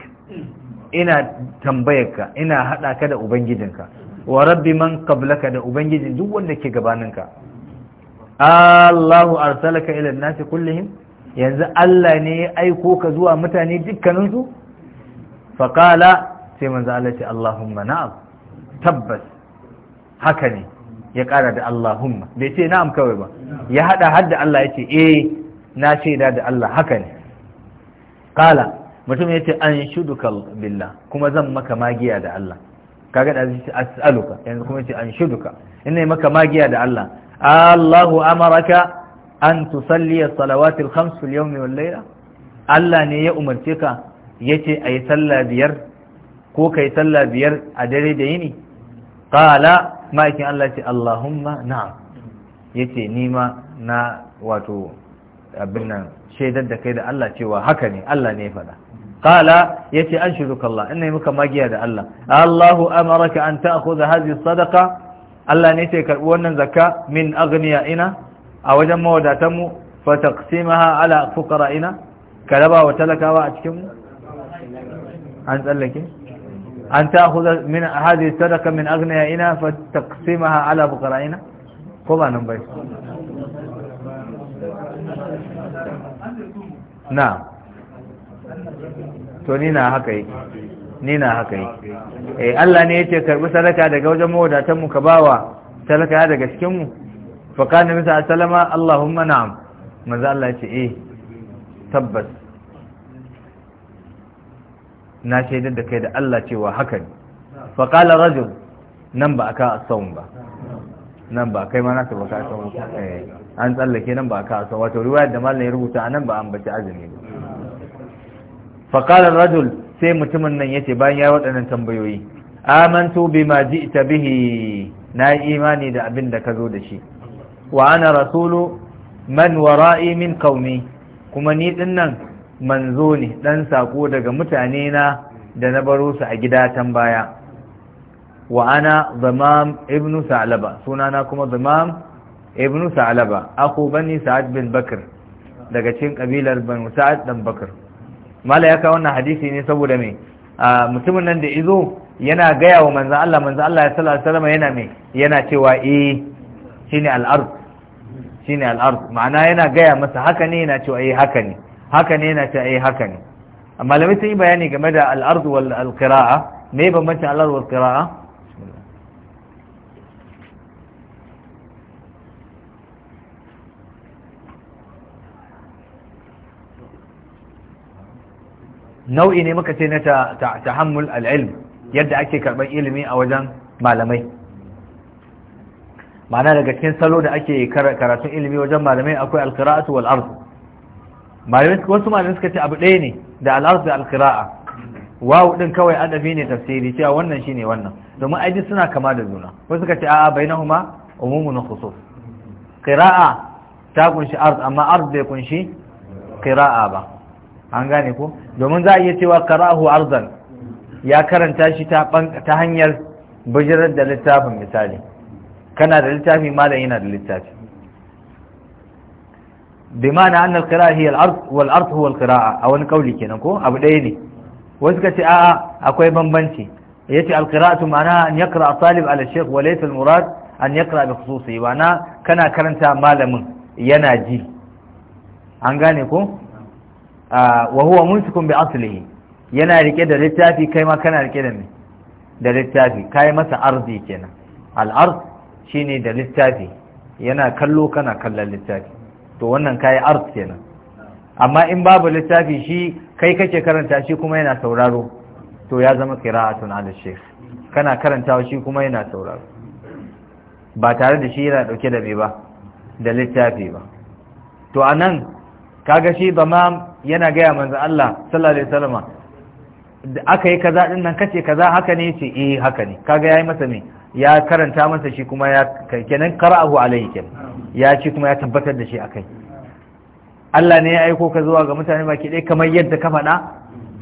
ina tambayarka ina hada ka da ubangijinka wa rabbi man qablaka da ubangijin duk wanda ke gabaninka Allahu arsalaka ila nasi kullihim yanzu Allah ne ya aiko ka zuwa mutane dukkanin su qala sai manzo Allah ce Allahumma na'am tabbas haka ne ya kara da Allahumma bai ce na'am kawai ba ya hada hadda Allah ce. eh na shaida da Allah haka ne qala mutum yace an shuduka billah kuma zan maka magiya da Allah kaga da zai as'aluka yanzu kuma ce anshuduka ina maka magiya da Allah Allahu amaraka an tusalli as-salawati al-khams fil yawmi wal layla Allah ne ya umarce ka yace ayi sallah biyar ko kai sallah biyar a dare da yini qala ma'aikin Allah ce Allahumma na'am yace ni ma na wato abin nan shaidar da kai da Allah cewa haka ne Allah ne ya faɗa qala yace an shiruka Allah ina yi maka magiya da Allah Allahu amaraka an ta'khudha hadhihi sadaqa Allah ne ce karbi wannan zakka min aghniya ina a wajen mawadatan mu fa taqsimaha ala fuqara ina ka wa talakawa a cikin mu an tsallake an ta'khudha min hadhihi sadaqa min aghniya ina fa taqsimaha ala fuqara ina ko ba nan bai na to ni na haka yake ni na haka yake eh Allah ne yake karbi sadaka daga wajen mawadatan mu ka bawa sadaka daga cikin mu fa kana bisa sallama Allahumma na'am manzo Allah yace eh tabbas na shaidar da kai da Allah cewa haka ne fa qala rajul nan ba aka asawun ba nan ba kai ma na ba ka asawun eh an tsallake nan ba aka asawun wato riwayar da mallan ya rubuta nan ba an bace azumi ba faƙalar rajul sai mutumin nan ya ce bayan ya waɗannan tambayoyi amantu bima ita bihi na yi imani da abin da ka zo da shi wa ana rasulu man wara'i min kauni. kuma ni ɗin nan manzo ne ɗan saƙo daga mutane na da na baro su a gida tan baya wa ana zamam ibn sa'laba sunana kuma zamam ibnu sa'laba aku bani sa'ad bin bakr daga cikin kabilar banu sa'ad dan bakr mala ya kawo wannan hadisi ne saboda me mutumin nan da izo yana gaya wa manzan Allah manzan Allah ya sallallahu alaihi wasallam yana me yana cewa eh shine al-ard shine al-ard ma'ana yana gaya masa haka ne yana cewa eh haka ne haka ne yana cewa eh haka ne malamai sun yi bayani game da al-ard wal qira'a me bambancin al-ard wal qira'a nau'i ne muka ce na tahammul al'ilm yadda ake karɓar ilimi a wajen malamai ma'ana daga cikin salo da ake karatun ilimi wajen malamai akwai alkira'atu wal arz wasu malamai suka ce abu ɗaya ne da al'arz da alkira'a wawu ɗin kawai adabi ne tafsiri cewa wannan shine wannan domin aidi suna kama da juna wasu suka ce a'a bainahuma na khusus qira'a ta kunshi arz amma arz bai kunshi qira'a ba an gane ko domin za a iya cewa karahu arzan ya karanta shi ta hanyar bijirar da littafin misali kana da littafi da yana da littafi bi ma'ana annal qira'a hiya al-ard wal ard huwa al a wani kauli kenan ko abu ɗaya ne wasu ka ce a'a akwai bambanci yace al-qira'atu ma'ana an yaqra talib ala shaykh wa laysa al-murad an yaqra bi khususi wa kana karanta malamin yana ji an gane ko wa huwa mumsikun bi aslihi yana rike da littafi kai ma kana rike da me da littafi kai masa arzi kenan al ard shine da littafi yana kallo kana kallon littafi to wannan kai ard kenan amma in babu littafi shi kai kake karanta shi kuma yana sauraro to ya zama qira'atun ala shaykh kana karantawa shi kuma yana sauraro ba tare da shi yana dauke da me ba da littafi ba to anan kaga shi damam yana gaya manzo Allah sallallahu alaihi wasallam da aka yi kaza din nan kace kaza haka ne ce eh haka ne kaga yayi masa me ya karanta masa shi kuma ya kenan qara'ahu alaykum ya ci kuma ya tabbatar da shi akai Allah ne ya aiko ka zuwa ga mutane baki dai kamar yadda ka faɗa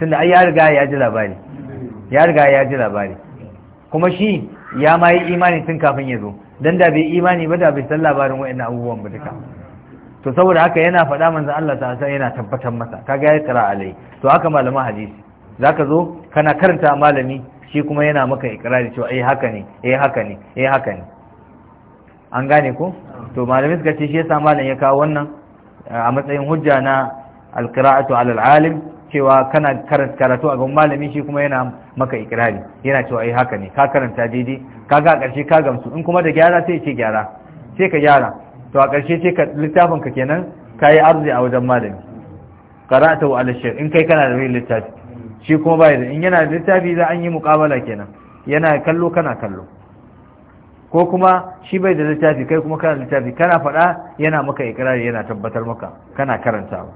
tunda ai ya riga ya ji labari ya riga ya ji labari kuma shi ya ma yi imani tun kafin ya zo dan da bai imani ba da bai san labarin wa'annan abubuwan ba duka to saboda haka yana faɗa manzan Allah ta san yana tabbatar masa kaga ya kira alai to haka malaman hadisi zaka zo kana karanta malami shi kuma yana maka ikrari cewa eh haka ne eh haka ne eh haka ne an gane ko to malamin suka ce shi yasa malam ya kawo wannan eh, a matsayin hujja na alqira'atu ala alalim cewa kana karatu a gaban malami shi kuma yana maka ikrari yana cewa eh haka ne ka karanta daidai kaga a ƙarshe ka gamsu in kuma da gyara sai ce gyara sai ka gyara to a ƙarshe ce littafin ka kenan yi arzi a wajen malami qara'tahu ala shaykh in kai kana da wani littafi shi kuma bai da in yana da littafi za an yi muƙabala kenan yana kallo kana kallo ko kuma shi bai da littafi kai kuma kana littafi kana faɗa yana maka ikirari yana tabbatar maka kana karantawa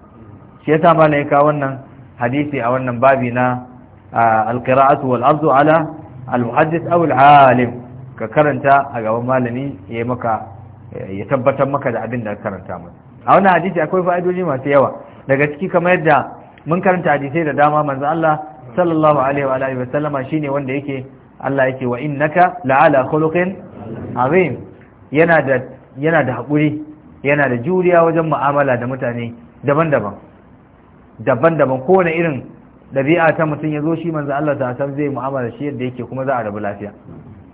shi yasa malai ka wannan hadisi a wannan babi na alƙira'atu wal arzu ala al muhaddis aw al alim ka karanta a gaban malami yayi maka ya tabbatar maka da abin da karanta masa a wannan hadisi akwai fa'idoji masu yawa daga ciki kamar yadda mun karanta hadisai da dama manzo Allah sallallahu alaihi wa alihi wa sallama shine wanda yake Allah yake wa innaka la'ala khuluqin azim yana da yana yana da juriya wajen mu'amala da mutane daban-daban daban-daban kowane irin dabi'a ta mutum ya zo shi manzo Allah ta san zai mu'amala shi yadda yake kuma za a rabu lafiya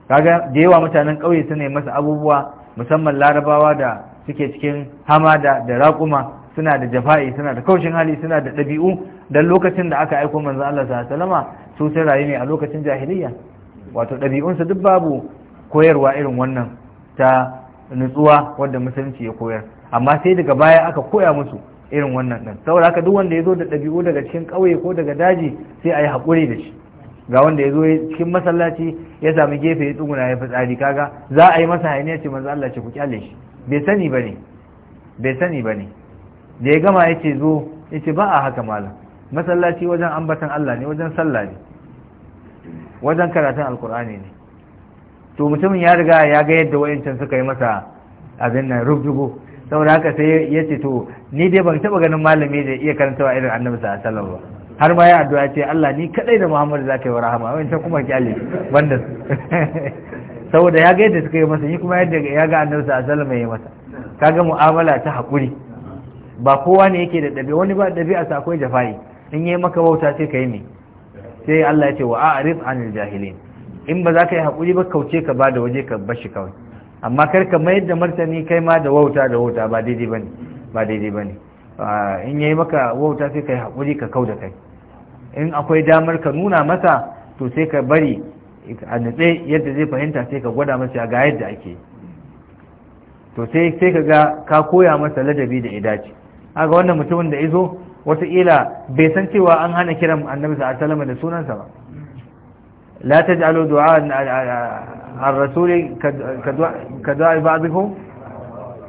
kaga da yawa mutanen kauye suna masa abubuwa musamman larabawa da suke cikin hamada da raƙuma suna da jafa'i suna da kaushin hali suna da ɗabi'u dan lokacin da aka aiko manzo Allah sallallahu alaihi wasallama su sun rayu ne a lokacin jahiliyya wato ɗabi'unsu duk babu koyarwa irin wannan ta nutsuwa wanda musulunci ya koyar amma sai daga baya aka koya musu irin wannan ɗin saboda haka duk wanda ya zo da ɗabi'u daga cikin ƙauye ko daga daji sai a yi haƙuri da shi ga wanda ya zo cikin masallaci ya sami gefe ya tsuguna ya fitsari kaga za a yi masa hayaniya ce manzo Allah ce ku kyale shi bai sani bane bai sani bane da ya gama yace zo yace ba a haka malam masallaci wajen ambatan Allah ne wajen sallah ne wajen karatun alkur'ani ne to mutumin ya riga ya ga yadda wayancan suka yi masa abin nan rubdugo saboda haka sai ya ce to ni dai ban taba ganin malami da iya karantawa irin annabi sallallahu alaihi wasallam ba har ma ya addu'a ce Allah ni kadai da Muhammadu za ka yi wa rahama ta kuma kyale banda su saboda ya ga yadda suka yi masa ni kuma yadda ya ga annabi sallallahu alaihi wasallam ya yi masa kaga mu'amala ta hakuri ba kowa ne yake da ɗabi'a wani ba ɗabi'a sa akwai jafai in yi maka bauta sai ka yi ne sai Allah ya ce wa a'rif anil jahilin in ba za ka yi hakuri ba kauce ka ba da waje ka bashi kawai amma kar ka mayar da martani kai ma da wauta da wauta ba daidai bane ba daidai bane ah, in yayi maka wauta sai ka yi hakuri ka kauda kai in akwai damar ka nuna masa to sai ka bari a nutse yadda zai fahimta sai ka gwada masa ga yadda ake to sai sai ka ga ka koya masa ladabi da idaci aga wannan mutumin da izo wataƙila bai san cewa an hana kiran annabi sa sallama da sunansa ba la taj'alu du'a ar-rasul ka du'a ba'dhum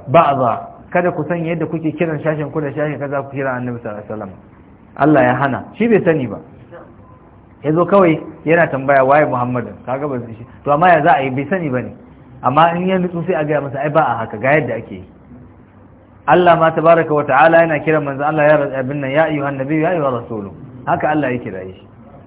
ba'dha kada ku san yadda kuke kiran shashin ku da shashin kaza ku kira annabi sallallahu alaihi wasallam Allah ya hana shi bai sani ba ya zo kawai yana tambaya waye muhammadu kaga ba shi to amma ya za a yi bai sani ba ne amma in yi nutsu sai a gaya masa ai ba a haka ga yadda ake yi Allah ma tabaraka wa ta'ala yana kira manzo Allah ya abin nan ya ayu annabi ya ayu rasulu haka Allah ya kira shi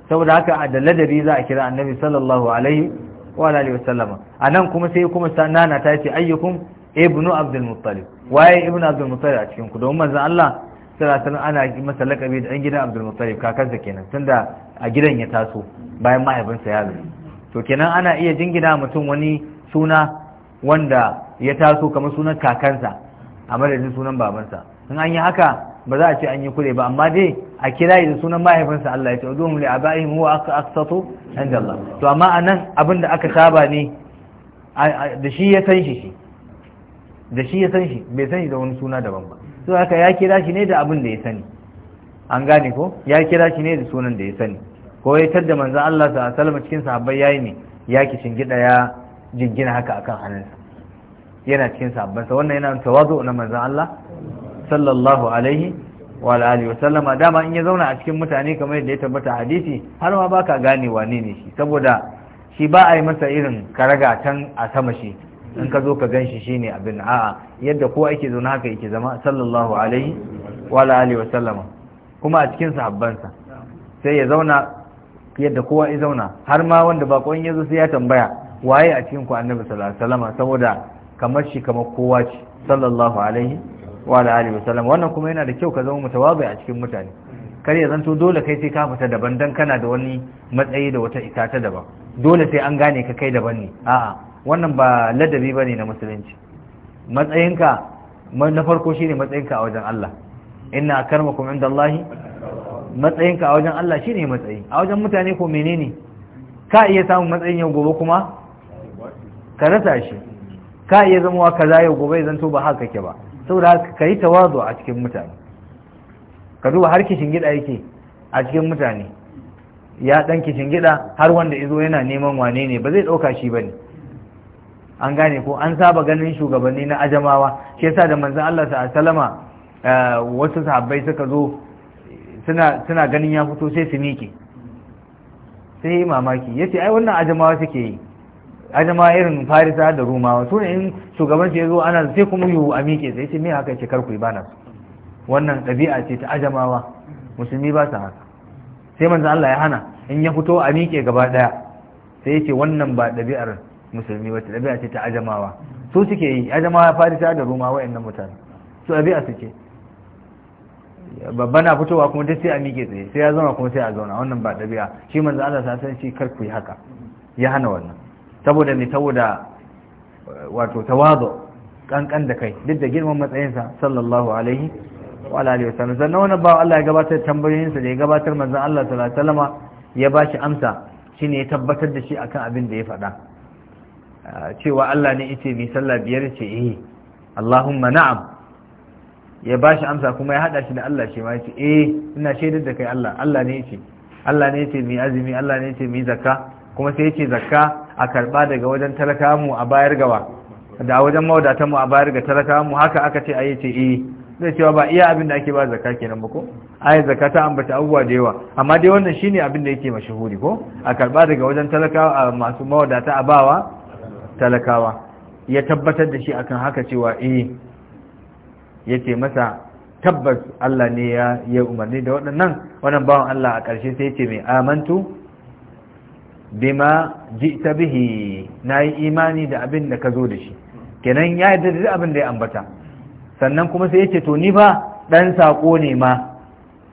saboda haka da dalladari za a kira annabi sallallahu alaihi wa alihi wasallama anan kuma sai kuma sanana ta ce ayyukum ibnu abdul muttalib waye ibnu abdul muttalib a cikin ku domin manzo Allah sallallahu ana masa lakabi da ɗan gidan Abdul mutalib kakansa kenan tunda a gidan ya taso bayan mahaifinsa ya rasu to kenan ana iya jingina mutum wani suna wanda ya taso kamar sunan kakansa a madadin sunan babansa in an yi haka ba za a ce an yi kure ba amma dai a kira da sunan mahaifinsa Allah ya ce udu li abaihim huwa sato? inda Allah to amma a nan abin da aka saba ne da shi ya san shi da shi ya san shi bai san shi da wani suna daban ba so haka ya kira shi ne da abin da ya sani an gane ko ya kira shi ne da sunan da ya sani ko ya tadda manzan Allah sallallahu a salama cikin sahabbai yi ne ya ki shingida ya jingina haka akan hannunsa yana cikin sahabbansa wannan yana tawazu na manzan Allah sallallahu alaihi wa alihi wa sallama dama in ya zauna a cikin mutane kamar yadda ya tabbata hadisi har ma baka gane wane ne shi saboda shi ba a yi masa irin karagatan a sama shi in ka zo ka gan shi shine abin a'a yadda kowa yake na haka yake zama sallallahu alaihi wa alihi wa sallama kuma a cikin sa sai ya zauna yadda kowa ya zauna har ma wanda bakon ya zo sai ya tambaya waye a cikin ku annabi sallallahu alaihi wa sallama saboda kamar shi kamar kowa ce sallallahu alaihi wa alihi wa sallama wannan kuma yana da kyau ka zama mutawazi a cikin mutane kar ya zanto dole kai sai ka fita daban dan kana da wani matsayi da wata ita ta daban dole sai an gane ka kai daban ne a'a wannan ba ladabi ba ne na musulunci matsayinka na farko shine matsayinka a wajen Allah inna inda Allah matsayinka a wajen Allah shine matsayi a wajen mutane ko menene ka iya samun matsayin yau gobe kuma ka rasa shi ka iya zamowa kaza yau gobe zan to ba haka ke ba saboda ka yi tawazu a cikin mutane ka duba har kishin gida yake a cikin mutane ya dan kishin gida har wanda izo yana neman wane ne ba zai dauka shi bane an gane ko an saba ganin shugabanni na ajamawa shi yasa da manzon Allah ta sallama eh, wasu sahabbai suka zo suna suna ganin ya fito sai su miƙe sai yi mamaki yace ai wannan ajamawa suke yi ajamawa irin farisa da rumawa to in shugaban ya zo ana sai kuma yiwu a miƙe sai ce me haka ce karku bana wannan ɗabi'a ce ta ajamawa musulmi ba su haka sai manzon Allah ya hana in ya fito a miƙe gaba ɗaya sai ya ce wannan ba ɗabi'ar musulmi wata ɗabi'a ce ta ajamawa su suke yi ajamawa farisa da roma wa'annan mutane su ɗabi'a suke babba na fitowa kuma duk sai a miƙe tsaye sai ya zama kuma sai a zauna wannan ba ɗabi'a shi manzo Allah ta san shi kar ku yi haka ya hana wannan saboda ne saboda eh, wato tawazu kankan da kai duk da girman matsayinsa sallallahu alaihi wa alihi wasallam sannan wannan ba Allah ya gabatar da tambayoyinsa da ya gabatar manzo Allah sallallahu alaihi wasallama ya bashi amsa shine ya tabbatar da shi akan abin da ya faɗa cewa Allah ne ce bi sallah biyar ce eh Allahumma na'am ya ba shi amsa kuma ya hada shi da Allah shi ma ce eh ina shaidar da kai Allah Allah ne yace Allah ne yace mi azumi Allah ne yace mi zakka kuma sai yace zakka a karba daga wajen talakawa mu a bayar gawa da wajen mawadatan mu a bayar ga talakawa mu haka aka ce ayi ce eh zai cewa ba iya abin da ake ba zakka kenan ba ko ayi zakka ta ambata abubuwa da yawa amma dai wannan shine abin da yake mashahuri ko a karba daga wajen talakawa masu mawadata a bawa talakawa ya tabbatar da shi akan haka cewa eh yace masa tabbas Allah ne ya ya umarni da waɗannan wannan bawan Allah a ƙarshe sai yace mai amantu bima ji'ta bihi nayi imani da abin da ka zo da shi kenan ya yarda da abin da ya ambata sannan kuma sai yace to ni fa dan sako ne ma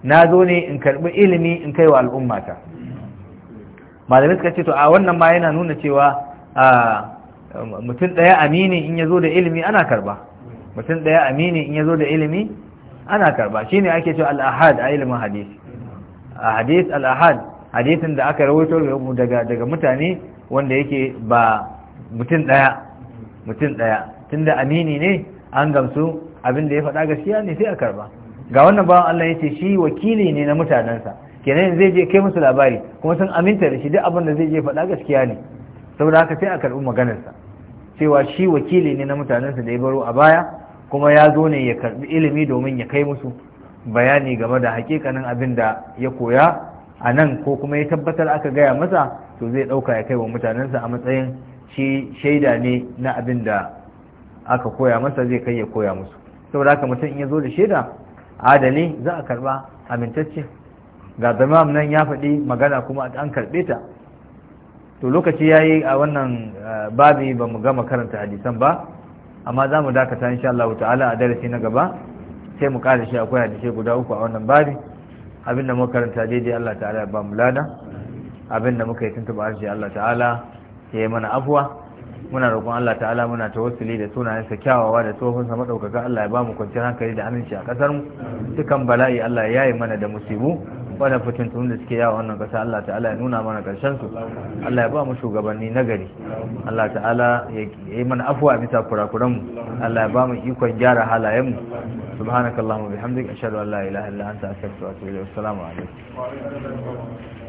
na zo ne in karɓi ilimi in kai wa al'ummata malamai suka ce to a wannan ma yana nuna cewa a mutum ɗaya amini in ya zo da ilimi ana karba mutum ɗaya amini in ya zo da ilimi ana karba shine ake cewa al'ahad a ilimin hadisi a hadis al'ahad hadisin da aka rawaito daga mutane wanda yake ba mutum ɗaya mutum ɗaya tunda amini ne an gamsu abin da ya faɗa gaskiya ne sai a karba ga wannan bawan Allah ya ce shi wakili ne na mutanensa kenan zai je kai musu labari kuma sun aminta da shi duk abin da zai je faɗa gaskiya ne saboda haka sai a karɓi maganarsa cewa shi wakili ne na mutanensa da ya baro a baya kuma ya zo ne ya karbi ilimi domin ya kai musu bayani game da hakikanin abin da ya koya a nan ko kuma ya tabbatar aka gaya masa to zai ɗauka ya kai wa mutanensa a matsayin shi shaida ne na abin da aka koya masa zai kai ya koya musu saboda haka mutum in ya zo da shaida adali za a karba amintacce ga zama nan ya faɗi magana kuma an karɓe ta to lokaci ya yi a wannan babi ba mu gama karanta hadisan ba amma za mu dakata insha Allah ta'ala a darasi na gaba sai mu kare shi akwai hadisai guda uku a wannan babi abinda muka karanta daidai Allah ta'ala ya ba mu lada abinda muka yi tuntuba arshi Allah ta'ala ya yi mana afuwa muna roƙon Allah ta'ala muna tawassuli da sunayensa kyawawa da tsohon sa madaukaka Allah ya ba mu kwanciyar hankali da aminci a kasar mu dukan bala'i Allah ya yi mana da musibu wannan fitintun da suke yawa wannan kasa Allah ta'ala ya nuna mana karshen su Allah ya ba mu shugabanni nagari Allah ta'ala ya yi mana afuwa bisa kurakuran mu Allah ya ba mu ikon gyara halayen mu subhanakallahumma bihamdika ashhadu an la ilaha illa anta astaghfiruka wa atubu ilayk assalamu alaikum